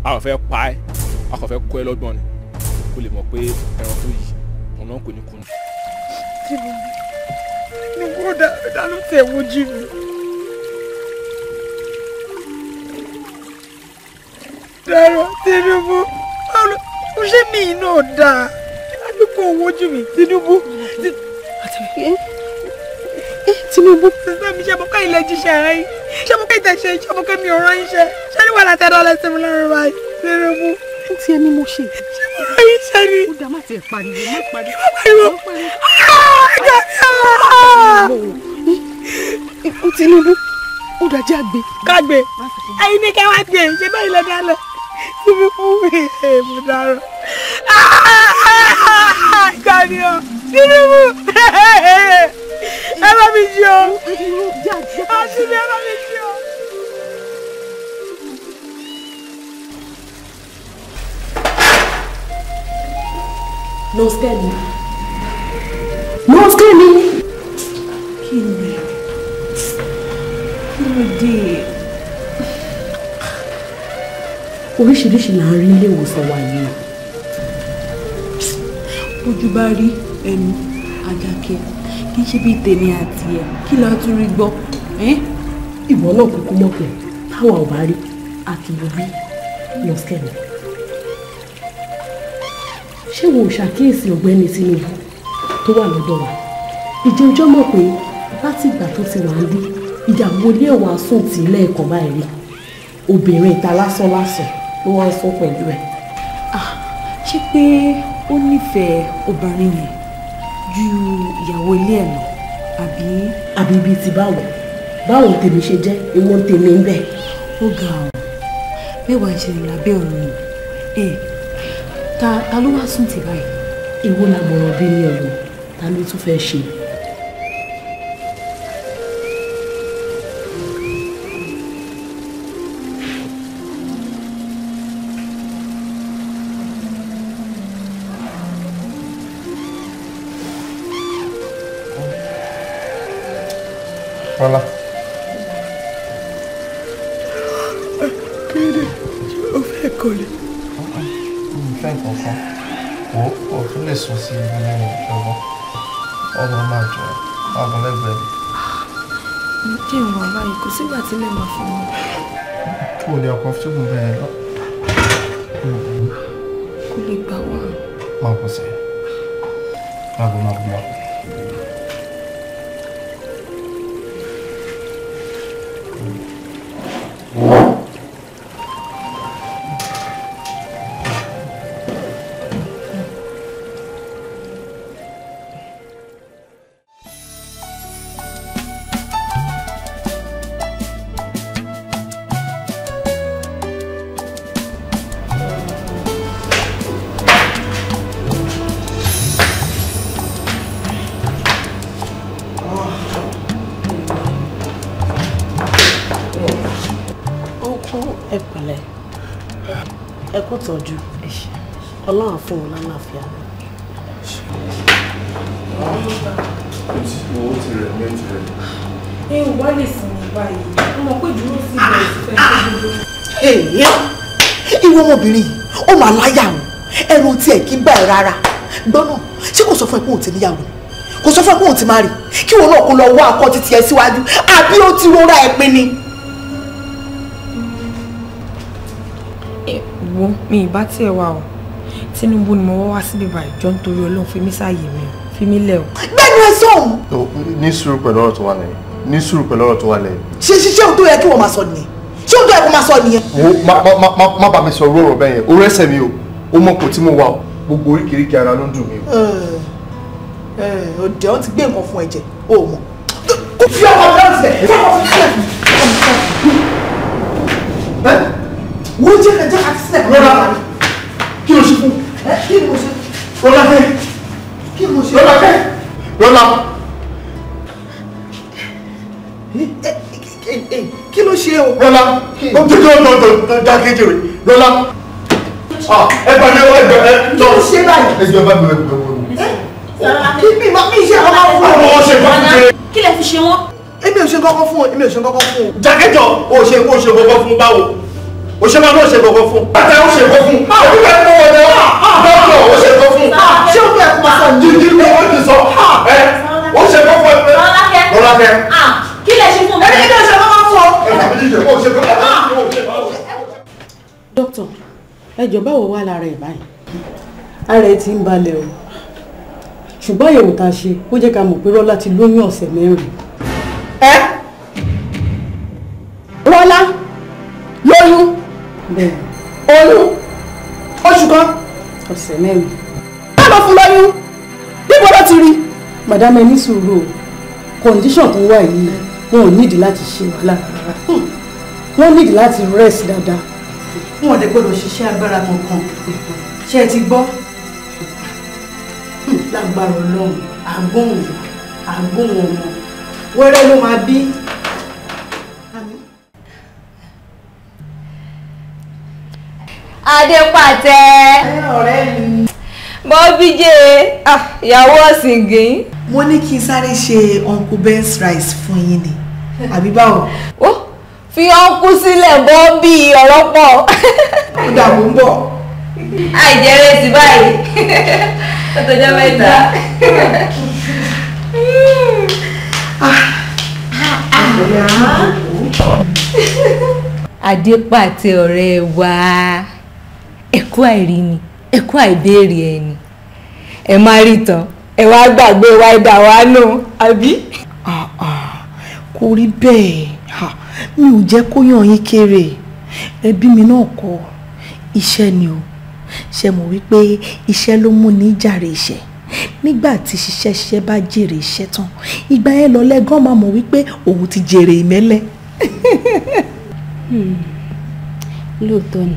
a ò fẹ́ pa ẹ́ a kò fẹ́ kọ́ ẹ lọ́gbọ́n ni kó lè mọ̀ pé ẹran tó yìí òun náà kò ní kú ni. jìbọn mi kúrò dáná tẹ̀ wojú mi. dára Tinubu mo ṣe mí náà dáa agbẹ́kọ̀ wojú mi Tinubu. Tinubu. sísè ṣe àbọ̀ká ilẹ̀ jíṣẹ́ ara yìí ṣe ìtẹ̀ṣẹ́ ṣe mi ọ̀rọ̀ yín ṣe tẹ́lẹ̀ ọ̀lẹ́sẹ̀ mi lọ́rùn báyìí Tinubu tiẹ̀ ni mo ṣe. ṣé mo rẹ̀ yín ṣe ni. ó dá má tiẹ̀ pariwo má pariwo. má pariwo. ikú Tinubu ó dájẹ́ àgbẹ̀. kágbé ẹyin ní kẹ́ wá gbé ṣe báyìí lọ́dọ̀ lọ síbi fún mi mo dára. káníọ̀ Tinubu ẹ bá mi jí o. ẹ bá mi jí o. No scare me. No scare me. Kill me. Kill me. dé. oríṣiríṣi là ń rí ilé ìwòsàn wa yìí ojú bá rí ẹnu àdàkẹ́ kì í ṣe bíi tèmi àti ẹ kí la tún rí gbọ́. ìwọ náà kúkú mọ̀ pé táwa ò bá rí àti lọ sẹ́nu ṣé wo ṣàkíyèsí ọ̀gbẹ́ni Tinubu tó wà lọ́dọ̀ wa ìjẹ́ ọjọ́ mọ̀ pé láti ìgbà tó ti wà ń bí ìyàwó ilé ẹ̀wà sùn tí lẹ́ẹ̀kan báyìí rí obìnrin ìta lásán lásán ló wá ń sọ pẹ̀lú ẹ̀. Ah, ṣé pé ó nífẹ̀ẹ́ obìnrin yẹn ju ìyàwó ilé ẹ̀ lọ àbí. àbí ibi tí báwo báwo tèmi ṣe jẹ́ ewu tèmi ń bẹ̀. ó ga ọ̀ mẹ́wàá ìṣẹ̀lẹ̀ lábẹ́ ọ̀run ẹ̀ ta ló wá sùn tì báyìí èwo làgbọ̀rọ̀ bí ní ọ̀rọ̀ ta ló tún fẹ́ ṣe. comfortable bẹ́ẹ̀ lọ. kò lè gbà wá. má bọ̀ sẹ́yìn má bọ̀ má bọ̀ má bọ̀. tọ́jú ọlọ́run fún wọn lálàáfíà. ẹ ò wá lè sinmi báyìí ọmọ pé dúró sí ilẹ̀ ìfẹ́ tó dúró. ìwọ ọmọbìnrin yìí ó máa láyà o ẹrù tiẹ̀ kí bá ẹ rárá gbọ́nà ṣé kò sọ fún ẹ pé òun ti níyàwó ni kò sọ fún ẹ pé òun ti má rí kí òun náà kó lọ wá akọ títí ẹ síwájú àbí ó ti rọra ẹ pin wo mi ìbá tiẹ̀ wà o Tinubu ni mo wá wá síbi báyìí jọ nítorí Ọlọ́run fi mí sáàyè mi o fi mí lẹ̀ o. gbẹ́nu ẹ sọ̀hún. ní sùúrù pẹ̀lú ọ̀rọ̀ tó wà lẹ́yìn ní sùúrù pẹ̀lú ọ̀rọ̀ tó wà lẹ́yìn. ṣe ṣiṣẹ́ o tó yẹ kí wọ́n máa sọ nìyẹn ṣé o tó yẹ kó máa sọ nìyẹn. wo má bàa mi sọ rọrọ bẹ́ẹ̀ yẹn o ẹsẹ̀ mi o o mọ̀ kò tí mo wà o gbogbo oríkèéríkèé ara ló ń dùn mí o. ọ̀dẹ̀ wọ́n ti gbé nǹkan fún ẹ̀jẹ̀ o ò mọ̀. kò fi ọmọ náà sílẹ̀ wọ́n jẹ́ ká jẹ́ ká ti sílẹ̀ lọ́la kí ló ṣe fún. ẹ kí ló ṣe. lọ́la fẹ́. kí ló ṣe. lọ́la fẹ́. lọ́la. kí ló ṣe o. lọ́la o tó tó tó tó dá kejì rẹ̀ lọ́la. ẹ bá mi ẹ bẹ ẹ jọ. kí ló ṣe báyìí. ẹ jọ bá mi ẹ bẹ wọ. kí mi ma mi ṣe ọlá fún ọ. ọmọ ṣe bá ń jẹ. kí lẹ fi ṣe wọn. èmi ò ṣe kọ́kọ́ fún ọ èmi ò ṣe kọ́kọ́ fún ọ. jàkẹ́jọ o ṣe o ṣe kọ́kọ́ fún báwo o ṣe máa ń ṣe gbogbo fún. bàtà ó ṣe gbogbo fún. òbí bẹ́ẹ̀ mú wọn lọ dọ́kítọ̀ ó ṣe gbogbo fún. ṣé o bẹ̀ kó sọ ní. jíjí ló wọ́n ti sọ ah, ẹ ó ṣe gbogbo ẹ. lọ́lákẹ́ lọ́lákẹ́. Ah, kí lè ṣe fún mi. ẹni kí lè ṣe fún mi. ẹ bàbá jíjẹ kó o ah. ṣe fún mi. dókítà ẹjọ báwo wà lára ẹ báyìí. ara ẹ ti ń balẹ̀ o ṣùgbọ́n àyẹ̀wò tá a ṣe ó jẹ́ ká mọ̀ pé rọ́lá ti lóyún ọ̀sẹ̀ mẹ́rin. ẹ rọ́lá lóyún oyún oṣù kan ọ̀sẹ̀ mẹ́rin bá lọ fún lọ́yún níbo ló ti rí madam ẹni sùúrù o condition tó wà yìí wọn ò nídìí láti ṣe wàhálà rárá hmm. wọn nídìí láti rest dáadáa. wọn ò lè gbọdọ̀ ṣiṣẹ́ agbára kankan ṣé ẹ ti gbọ́ hmm, lágbára Ọlọ́run àgbóhùn àgbóhùn ọmọ wẹ́rẹ́ ló máa bí adépàtẹ. ẹ ọ̀rẹ́ mi. bọ́bíjé ah, ìyàwó ọ̀sìngín. mo ní kí n sáré ṣe uncle ben's rice fún yín ni àbí báwo. ó fi ọ̀nkú sílẹ̀ bọ́ bí ọ̀rọ̀ pọ̀. ó dàbò ń bọ̀. àìjẹrẹ sí báyìí ó tọjọ́ mẹ́ta. Ah. adépàtẹ ọ̀rẹ́ wa ẹ̀kú àìrí ni ẹ̀kú àìbéèrè ẹ ni ẹ má rí tán ẹ wá gbàgbé wa ẹ̀dá wa nù àbí. Ah, ah, kò rí bẹ́ẹ̀ mi ò jẹ́ kó yàn yín kéré ẹbí mi náà kọ́ iṣẹ́ ni o ṣe mọ̀ wípé iṣẹ́ ló mú ní jàre iṣẹ́ nígbà tí ṣiṣẹ́ ṣiṣẹ́ bá jèrè iṣẹ́ tán ìgbà yẹn lọ lẹ́gán máa mọ̀ wípé òun ti jèrè ìmẹ́lẹ́. Hmm. lóòótọ́ ni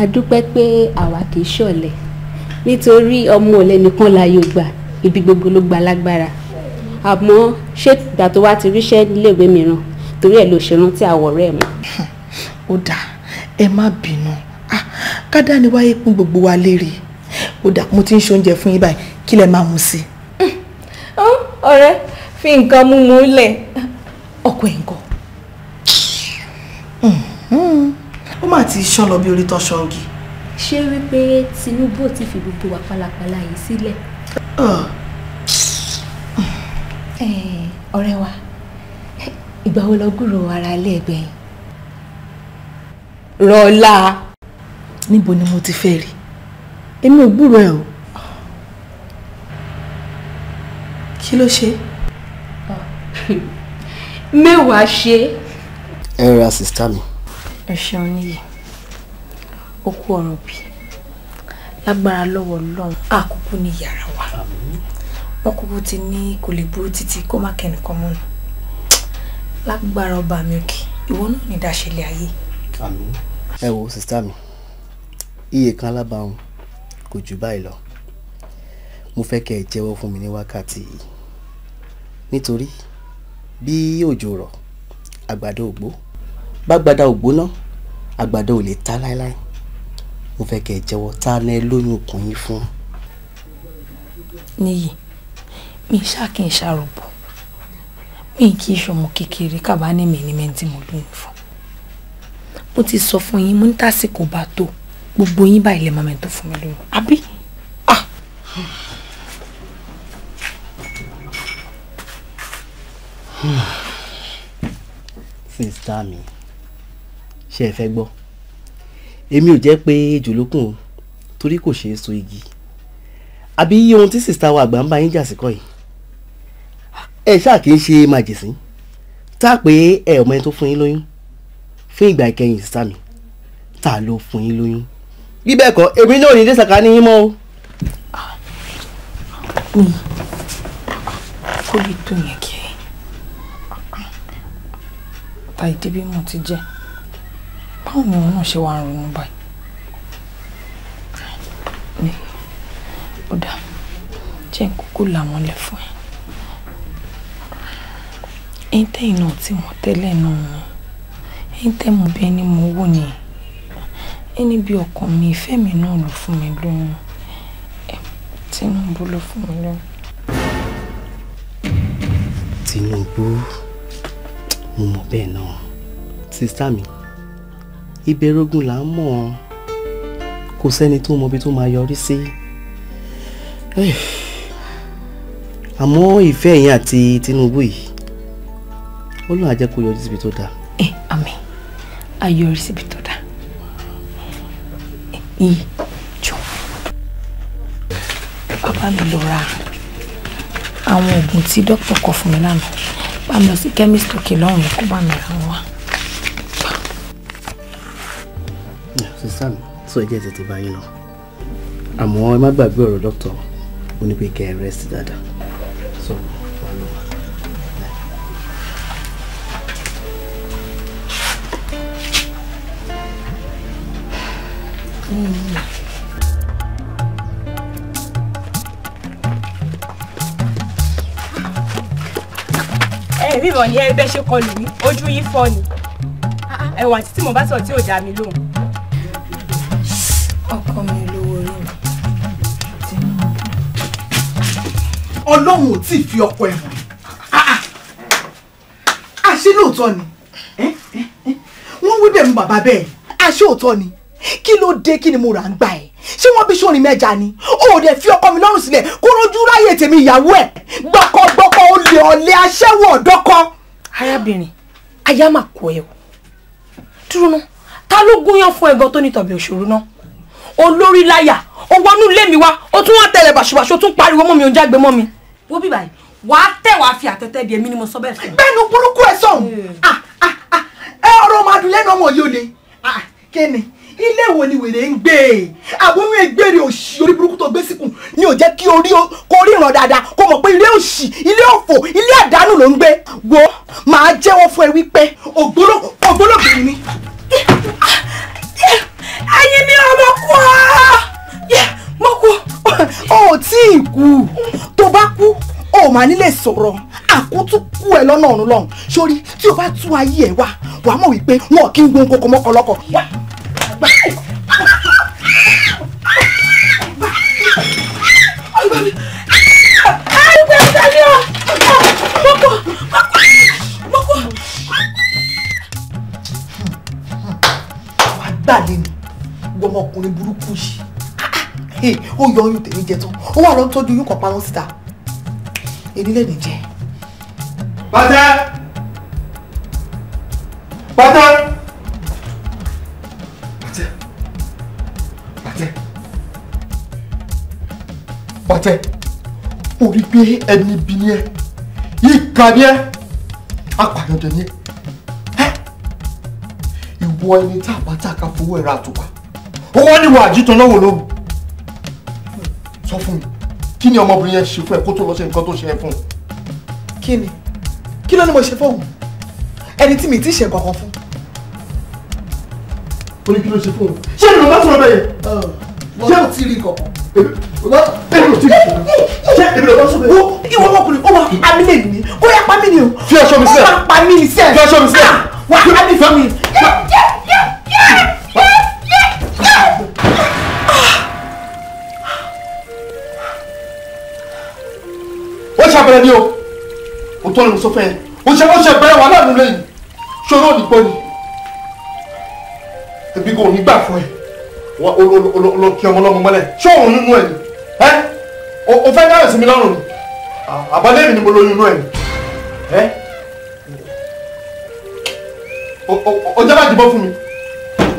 a dúpẹ́ pé àwa kì í ṣọ̀lẹ nítorí ọmọ ọ̀lẹ nìkan la yóò gbà ibi gbogbo ló gba lágbára àmọ́ ṣé ìgbà tó wá ti ríṣẹ́ níléèwé mìíràn torí ẹ̀ ló ṣe rántí àwọ̀ rẹ̀ mọ́. ó dáa ẹ má bínú kádà ni wáyé pín gbogbo wa léèrè ó dáa mo ti ń ṣe oúnjẹ fún yín báyìí kí lẹ máa mú sí i. ọ̀rẹ́ fi nǹkan mú mú lẹ̀ ọkọ ẹ̀ ń kọ́. mà ti ṣán lọ bí orí tán ṣọ́ngi. ṣé wípé Tinubu ò ti fi gbogbo wa pálapàla yìí sílẹ̀. ọ̀rẹ́ wa ìgbà wo lọ gúrò ara ilé ẹgbẹ́ yìí. rọ́lá níbo ni mo ti fẹ́ rí èmi ò gbúrò ẹ̀ o kí ló ṣe. mẹ́wàá ṣe. ẹ ra sista mi ẹ ṣeun níyì ó kú ọ̀rọ̀ bí lágbára lọ́wọ́ Ọlọ́run àkókò ní yàrá wa wọ́n kúkú ti ní kò lè burú títí kó má kẹ́nìkan mọ́nu lágbára ọba mi òkè ìwọ náà ní ìdáṣẹlẹ̀ ayé. ẹ wo sista mi iye kan alábàáhùn kò jù báyìí lọ mo fẹ́ kẹ́ ẹ jẹ́wọ́ fún mi ní wákàtí yìí nítorí bí òjò rọ̀ àgbàdo ògbó bágbádá ò gbóná àgbàdo ò lè ta láéláé mo fẹ́ kẹ́ ẹ jẹ́wọ́ ta ni ẹ lóyún ikùn yín fún. níyì mi ṣáà kí n ṣàròbọ̀ mi kì í ṣọmọ kékeré kábà ní mi mo lóyún fún mo ti sọ fún yín mo ń tásìkò bá tó gbogbo yín báyìí lè máa fún mi lóyún àbí. ah. Hmm. sista mi. Hmm ṣé ẹ fẹ́ gbọ́ èmi ò jẹ́ pé jòlókùn torí kò ṣeé so igi àbí ohun tí sìsta wa àgbà ń bá yín jà sí kọ́ yìí ẹ ṣáà kì í ṣe màjèsín tá a pé ẹ ọmọ ẹni tó fún yín lóyún fún ìgbà ìkẹyìn sìsta mi ta ló fún yín lóyún bí bẹ́ẹ̀ kọ́ èmi náà ò ní dé sàkání yín mọ́ o. kó bí tó yẹn kí táì débí mo ti jẹ́ báwo ni òun náà ṣe wá ń ronú báyìí ní ó dá jẹ́ kúkú làmọ́lẹ̀ fún ẹ ẹ̀yin tẹ́yìn náà tí wọ́n tẹ́lẹ̀ náà ni ẹ̀yin tẹ́ mo bí ẹni mo wò ni ẹni bí ọkàn mi ìfẹ́ mi náà ló fún mi lóyún Tinubu ló fún mi lóyún. Tinubu mo mọ̀ bẹ́ẹ̀ náà sísá mi ìbẹ̀rògùn là ń mọ̀ ọ́n kò sẹ́ni tó mọ ibi tó máa yọrí sí àmọ́ ìfẹ́ yín àti Tinubu yìí ó lọ́n àjẹ́ kó yọrí síbi tó dáa. ẹ àmín a yọrí síbi tó dáa yìí jọ bàbá mi lọ ra àwọn oògùn tí dókítà kọ fún mi lánàá bá mi lọ sí kẹ́mísítì òkè lọ́rùn kó bá mi ràn wá. understand so ẹ jẹ́ tètè bá yín lọ àmọ́ ẹ má gbàgbé ọ̀rọ̀ doctor ó ní pé kẹ́ rest dada. so wà lọ. Mm-hmm. ẹ̀rí ìrànyẹ́ ẹgbẹ́ ṣe kọlù mí ojú yìí fọ́ ni ẹ̀wọ̀n àti tí mo bá sọ tí ò dá mi lóhùn. ọlọ́run ò tí ì fi ọkọ ẹ̀ hàn ah, ah. àṣé lóòótọ́ ni wọ́n wí bẹ́ẹ̀ mú bàbá bẹ́ẹ̀ àṣé òótọ́ ni kí ló dé kí ni mo rà ń gbà ẹ́ ṣé wọ́n bí sórin mẹ́ja ni ó dẹ̀ fi ọkọ mi lọ́rùn sílẹ̀ kó rojú ráyè tèmi ìyàwó ẹ̀ gbọ́kọ́gbọ́kọ́ olè ọ̀lẹ aṣẹ́wó ọ̀dọ́kọ. arábìnrin aya máa kọ ẹ o dúró ná ta ló gúnyán fún ẹ̀gbọ́n tó ní tọ̀bẹ̀ òṣòro ná olórí láyà ó wọnú ilé mi wá ó tún wọn tẹlẹ bàṣubàṣu ó tún pariwo mọ́ mi ó ń jágbe mọ́ mi wo bí báyìí wàá tẹ̀ wàá fi àtẹ̀tẹ̀ di èmi ni mo sọ bẹ́ẹ̀ fún. bẹ́ẹ̀ni burúkú ẹ sọ̀hún eh. ah, ah, ah. ẹ ọ̀rọ̀ máa dùn lẹ́nu ọmọ yìí ó le kíni ilé wo ni wèrè ń gbé e àbúrò ìgbèrè òṣì orí burúkú tó gbé síkùn ni ò jẹ́ kí orí kó ríran dáadáa kó mọ̀ pé ilé òṣì ilé òfò ilé àdánù ló ń gbé wo màá jẹ́wọ́ fún ẹ wípé ògbólógbòó ni mi. ẹyin mi ọmọ kú ọ mo kú o tí ì kú tó bá kú o máa nílé sọ̀rọ̀ àkútú kú ẹ lọ́nà ọ̀run lọ́hùn sórí tí o bá tú ayé ẹ wá wàá mọ̀ wípé wọn kì í gbóhùn kókó mọ́kànlọ́kọ̀ wá. gbàlè ni gbọmọkùnrin burúkú yìí Eh, ó yọ ọyún tèmi jẹ tán ó wà lọ tọ́jú oyún kan parun síta ìdílé ní jẹ. pátá pátá pátá pátá pátá orí pé ẹni bí ni ẹ ìka ni ẹ apàyàn jẹ ni ẹ ìwọ ẹni tá a bá tà ká fowó ẹ̀ ra àtùpà owó ni wàá jí tán lọ́wọ́ lóhùn kí ni ọmọbìnrin yẹn ṣe fún ẹ kó tó lọ ṣe nǹkan tó ṣe ẹ fún. kí ni kí ló ní mo ṣe fóun ẹni tí mi ti ṣe kankan fún. o ní kí ló ṣe fóun ṣé ìlú bá sọ̀rọ̀ bẹ́ẹ̀ yẹn. wọ́n yóò ti rí kankan. èmi ò tí ì rí ṣé èmi ò bá sọ̀rọ̀ bẹ́ẹ̀. ìwọ ọmọkùnrin ó wà amílẹ̀ ní kó yá pa mí ni o. fi aṣọ mi sílẹ̀ ó máa pa mí ni fi aṣọ mi sílẹ̀. wà á ní fún mi. lábẹ́rẹ́ ní o mo tọ́ ni mo sọ fẹ́ o ṣe wọ́n ṣe bẹ́ẹ̀ wà láàánú lẹ́yìn ṣòro ò ní gbọ́ ni ebi kò ní gbà fún ẹ lọ kí ọmọ lọ́mọ mọ́lẹ̀ ṣé òun nínú ẹ̀ ni ẹ́ o fẹ́ dáhùn sí mi lọ́rùn ni àbálẹ́ mi ni mo lóyún inú ẹ̀ ni ẹ́ o jẹ́ bá dìbọn fún mi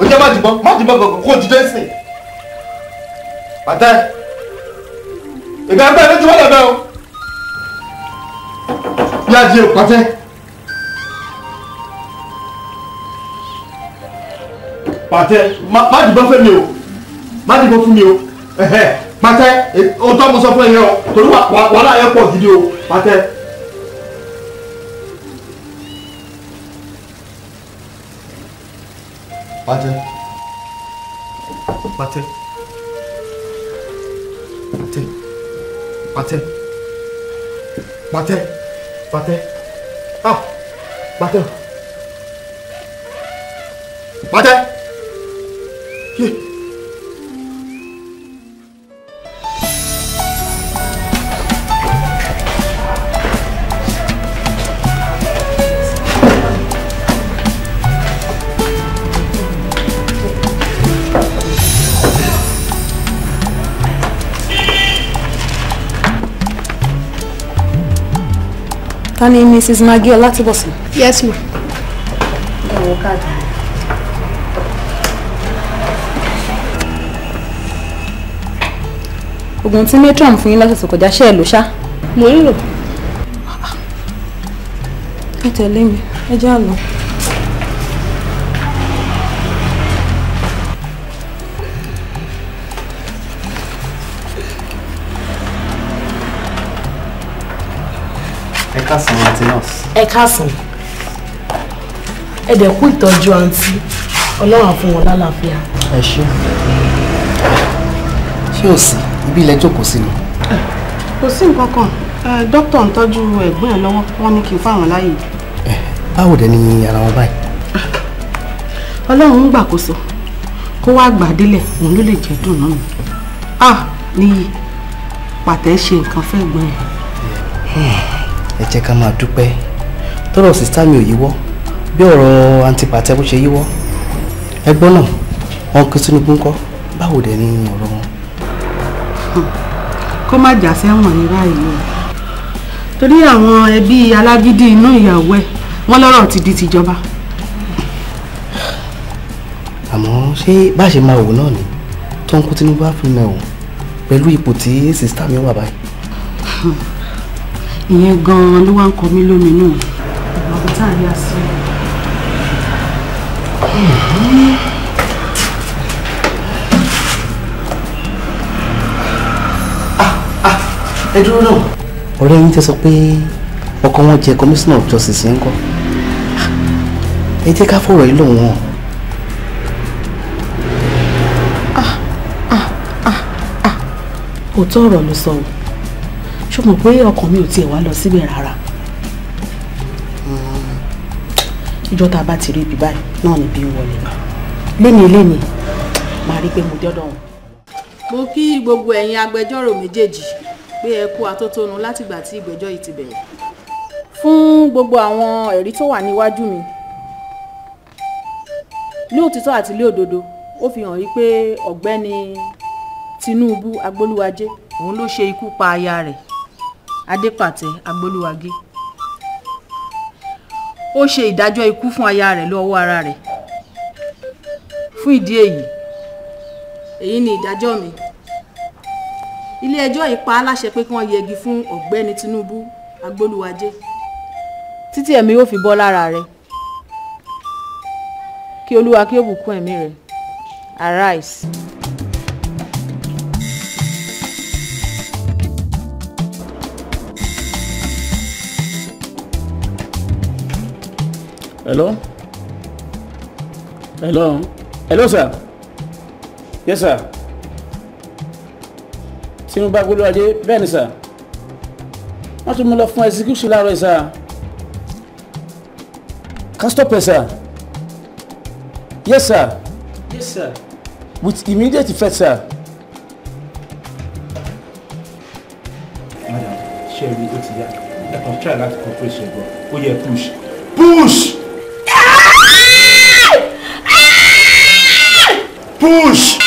o jẹ́ bá dìbọn má dìbọn gbọ̀ngàn kó o dìde sí i bàtẹ́ ìgbà ẹgbẹ́ ẹ lójú wọ́n lẹ́bẹ̀ẹ́ o bí adìẹ pàtẹ́. pàtẹ́ má dìbọn fún mi o má dìbọn fún mi o pàtẹ́ òótọ́ mo sọ fún ẹ yẹn o torí wàhálà yẹn pọ̀ gidi o pàtẹ́. pàtẹ́. pàtẹ́. pàtẹ́. pàtẹ́. pàtẹ́. バテあバテバテえっ ta ni mrs maggie ọlátìbọ̀sùn. yes ma. ẹ wọ káàdì. oògùn tí matron fún yín lọ́sẹ̀ tó kọjá mo ń lò. ẹ tẹ̀lé mi ẹ jẹ́ àlọ́. kásán àti nurse. ẹ kásán ẹ dẹ̀ kú ìtọ́jú àǹtí ọlọ́run á fún wọn lálàáfíà. ẹ ṣé ṣé ò sí ibi ilẹ̀ jókòó sí ni. kò sí nǹkan kan dókítà ń tọ́jú ẹ̀gbọ́n ẹ̀ lọ́wọ́ wọn ní kí n fáwọn láàyè. báwo dẹ̀ ni ara wọn báyìí. ọlọ́run ń gbàkóso kó wá gbà òun ló lè jẹ́ dùn náà. ah níyì pàtẹ́ ṣe nǹkan fẹ́ gbọ́n ẹ̀. Hmm ẹ jẹ́ ká máa dúpẹ́ tọ́rọ̀ sísá mi ò yíwọ́ bí ọ̀rọ̀ antipatẹ bó ṣe yíwọ́ ẹgbọ́n náà wọn kí Tinubu ń kọ́ báwo dẹ̀ ni ọ̀rọ̀ wọn. Hmm. kó má jà sẹ́wọ̀n ní báyìí o torí àwọn ẹbí alágídí inú ìyàwó ẹ̀ wọ́n lọ́rọ̀ ti di tìjọba. àmọ́ ṣé bá a ṣe máa wò náà ni tó ń kó Tinubu á fi mẹ́wọ̀n pẹ̀lú ipò tí sísá mi wà báyìí. Hmm ìyẹn gan-an ló wá ń kọ mí lóminú àbútá àrí àṣẹ. ẹ dúró náà. ọ̀rẹ́ yín ti sọ pé ọkọ wọn jẹ commissioner of justice yẹn ń kọ́ ẹ jẹ́ ká fọ̀rọ̀ yìí lòun hàn. Ah, ah, ah, òótọ́ ọ̀rọ̀ ló sọ o mọ̀ pé ọkàn mi ò tiẹ̀ wá lọ síbẹ̀ rárá ìjọ tá a bá ti rí ibi báyìí náà ni bí wọlé lémi lémi màá rí i pé mo dọ́dọ̀ wọn. mo kí gbogbo ẹ̀yin agbẹjọ́rò méjèèjì pé ẹ kú atótónu látìgbà tí ìgbẹ́jọ́ yìí ti bẹ̀rẹ̀ fún gbogbo àwọn ẹ̀rí tó wà níwájú mi lóòtítọ́ àti ilé òdodo ó fi hàn wípé ọ̀gbẹ́ni Tinubu Agbólúwájé òun ló ṣe ikú pa aya rẹ̀ adépàtẹ agbólúwagé ó ṣe ìdájọ́ ikú fún aya rẹ̀ lọ́wọ́ ara rẹ̀ fún ìdí èyí èyí ni ìdájọ́ mi ilé-ẹjọ́ yìí pa á láṣẹ pé kí wọ́n yẹgi fún ọ̀gbẹ́ni Tinubu agbólúwajé títí ẹ̀mí yóò fi bọ́ lára rẹ̀ kí olúwa kí ó bùkún ẹ̀mí rẹ̀ arise. hello hello hello sir yes sir tí mo bá gbóló ajé bẹ́ẹ̀ ni sir wọ́n tún mú lọ fún execution láàárọ̀ sir castopper sir yes sir yes sir with immediate effect sir. madam share é rí ó ti yá ẹ kàn try láti cooperate ṣe gbọ́ ó push push. Push!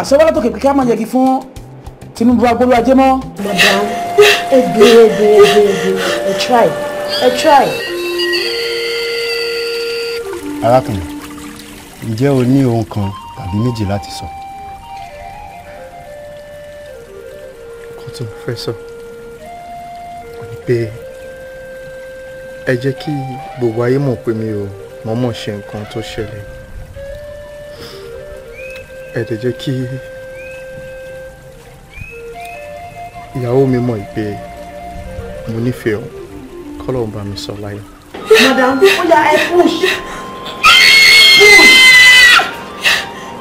àṣewọ́lá tó kèké ká máa yẹgi fún Tinubu agbórí ajé mọ́. madam ẹ bèrè bèrè bèrè bèrè ẹ try ẹ try. arákùnrin ǹjẹ́ o ní ohun kan tàbí méjì láti sọ. kó tó fẹ́ sọ kò ní pé ẹ jẹ́ kí gbogbo ayé mọ̀ pé mi ò mọ̀ọ́mọ̀ ṣe nǹkan tó ṣẹlẹ̀ ẹ̀dẹ̀ jẹ́ kí ìyàwó mi mọ̀ pé mo nífẹ̀ẹ́ ọ kọ́lọ̀ bá mi sọ láyé. madam ó yá ẹ push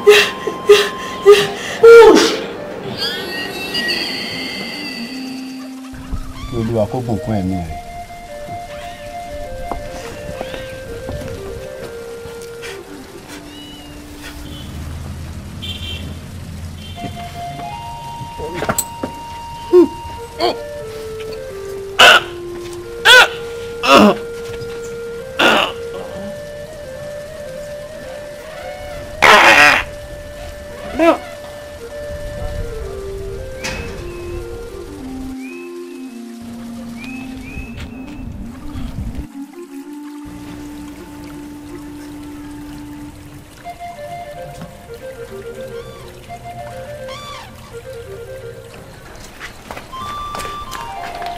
push push. olúwa kó bùkún ẹ̀mí rẹ̀.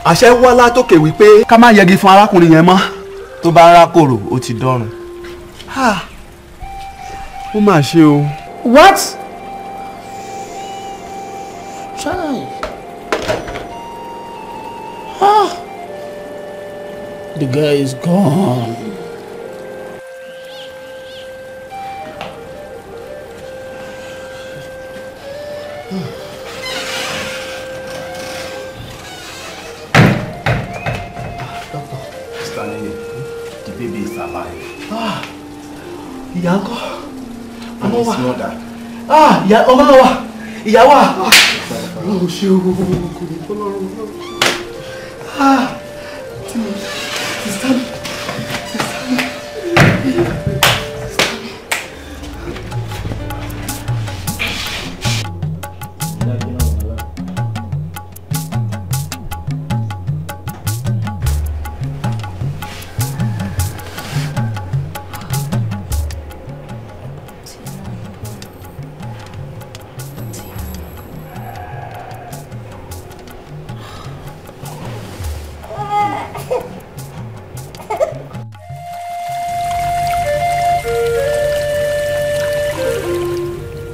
àṣẹ wá látòkè wípé ká má yẹgi fún arákùnrin yẹn mọ́. tó bá ń rákòrò ó ti dọ̀run. ó mà ṣe o. what? chai. Ah. the guy is gone. ìyá ọmọ wa ìyá wa. ọ̀hún ṣe o kò ní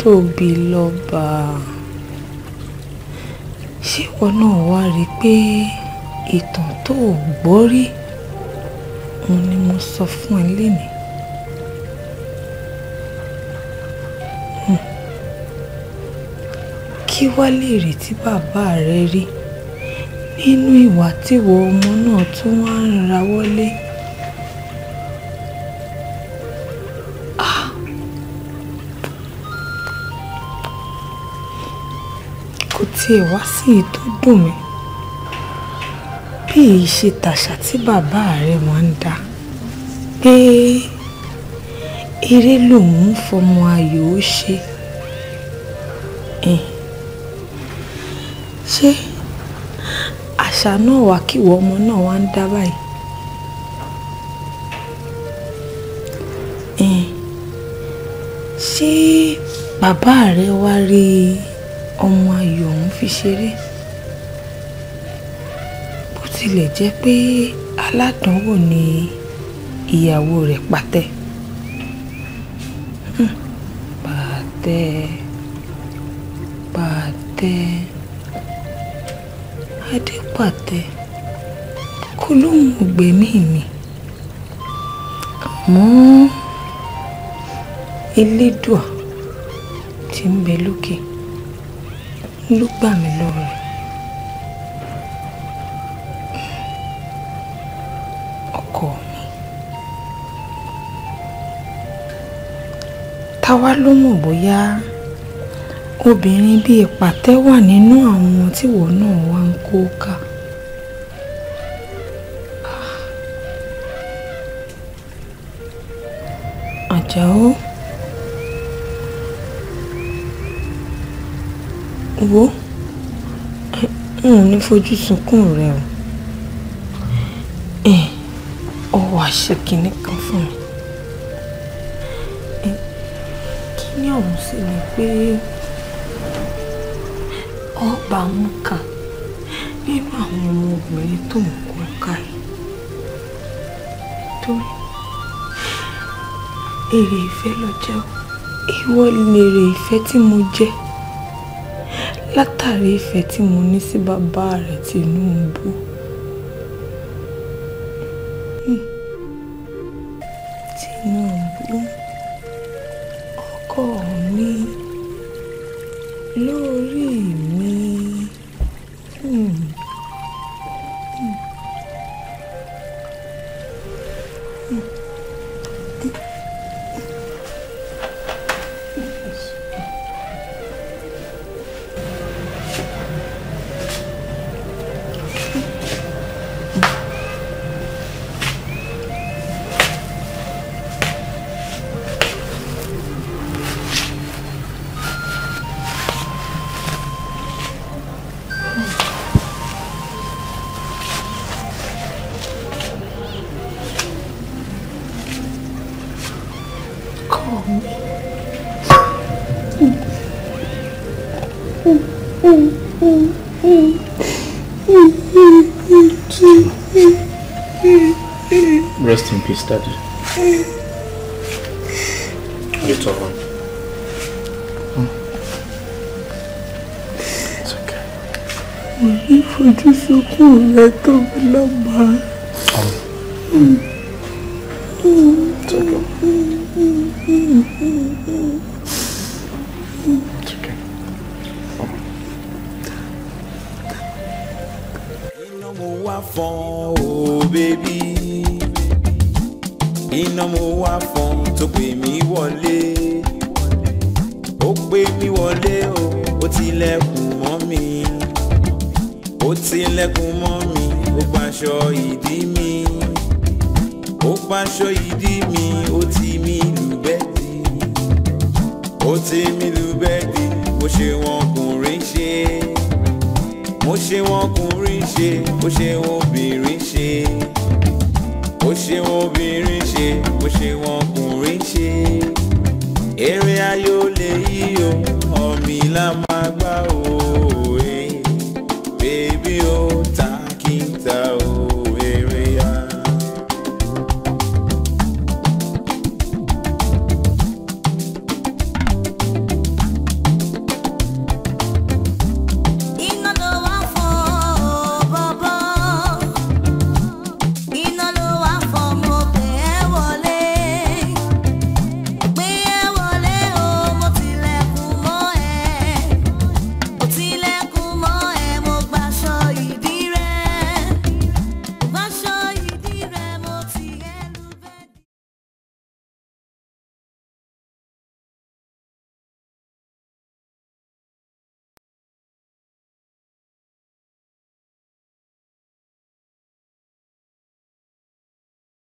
tóbi lọ́ba ṣé ìwọ náà wá rí i pé ìtàn tó o gbọ́ rí òun ni mo sọ fún ẹ lénìí. Hmm. kí wá lè retí bàbá rẹ rí nínú ìwà tíwọ ọmọ náà tún wá ń rawọ́lé. tiẹ̀ wá sí i tó dùn mí bí èyí ṣe tàṣà tí bàbá rẹ̀ wọ́n ń dá pé eré lòun ń fọmọ ayò ó ṣe ṣé àṣà náà wà kíwọ ọmọ náà wá ń dá báyìí ṣé bàbá rẹ̀ wá rí i ọmọ ayọ̀ òun fi ṣeré bó tilẹ̀ jẹ́ pé aládánwò ni ìyàwó rẹ̀ pàtẹ́ pàtẹ́ pàtẹ́ adé pàtẹ́ kó lóun gbẹ̀mí mi àmọ́ elédùà tí ń bẹ lókè. Okay ló gbà mí lọ́rẹ̀. ọkọ mi táwa ló mọ̀ bóyá obìnrin bíi pàtẹ́ wà nínú àwọn tíwọ́ náà wá ń kó ká. Ah. Àjàó. wo n ò ní fojú sunkún rẹ o ọ eh, wàá ṣe kinní kan fún mi eh, kinní ọ̀hún sì ni pé ọba mú kan nínú àwọn ọmọ obìnrin tó ń kó káyìí torí èrè ìfẹ́ lọ jẹ́ ìwọ lèrè ìfẹ́ tí mo jẹ́ látàrí ìfẹ́ tí mo ní sí bàbá rẹ̀ Tinubu. you talk on? It's okay. Mo fojú sunkún rẹ tó mi lábàá. It's okay. It's okay. Iná mo wá fọ́n o, bébí. Iná mo wá fọ́n tó pè mí wọlé ó pè mí wọlé o ó tilẹ̀kùn mọ́ mi ó tilẹ̀kùn mọ́ mi ó paṣọ ìdí mi ó paṣọ ìdí mi ó ti mi lù bẹ́ẹ̀dì ó ti mi lù bẹ́ẹ̀dì mo ṣe wọn kùnrin ṣe mo ṣe wọn kùnrin ṣe mo ṣe obìnrin ṣe ṣe wọn obìnrin ṣe bó ṣe wọn ọkùnrin ṣe eré ayọ̀ lè yí o ọ̀mì lámà.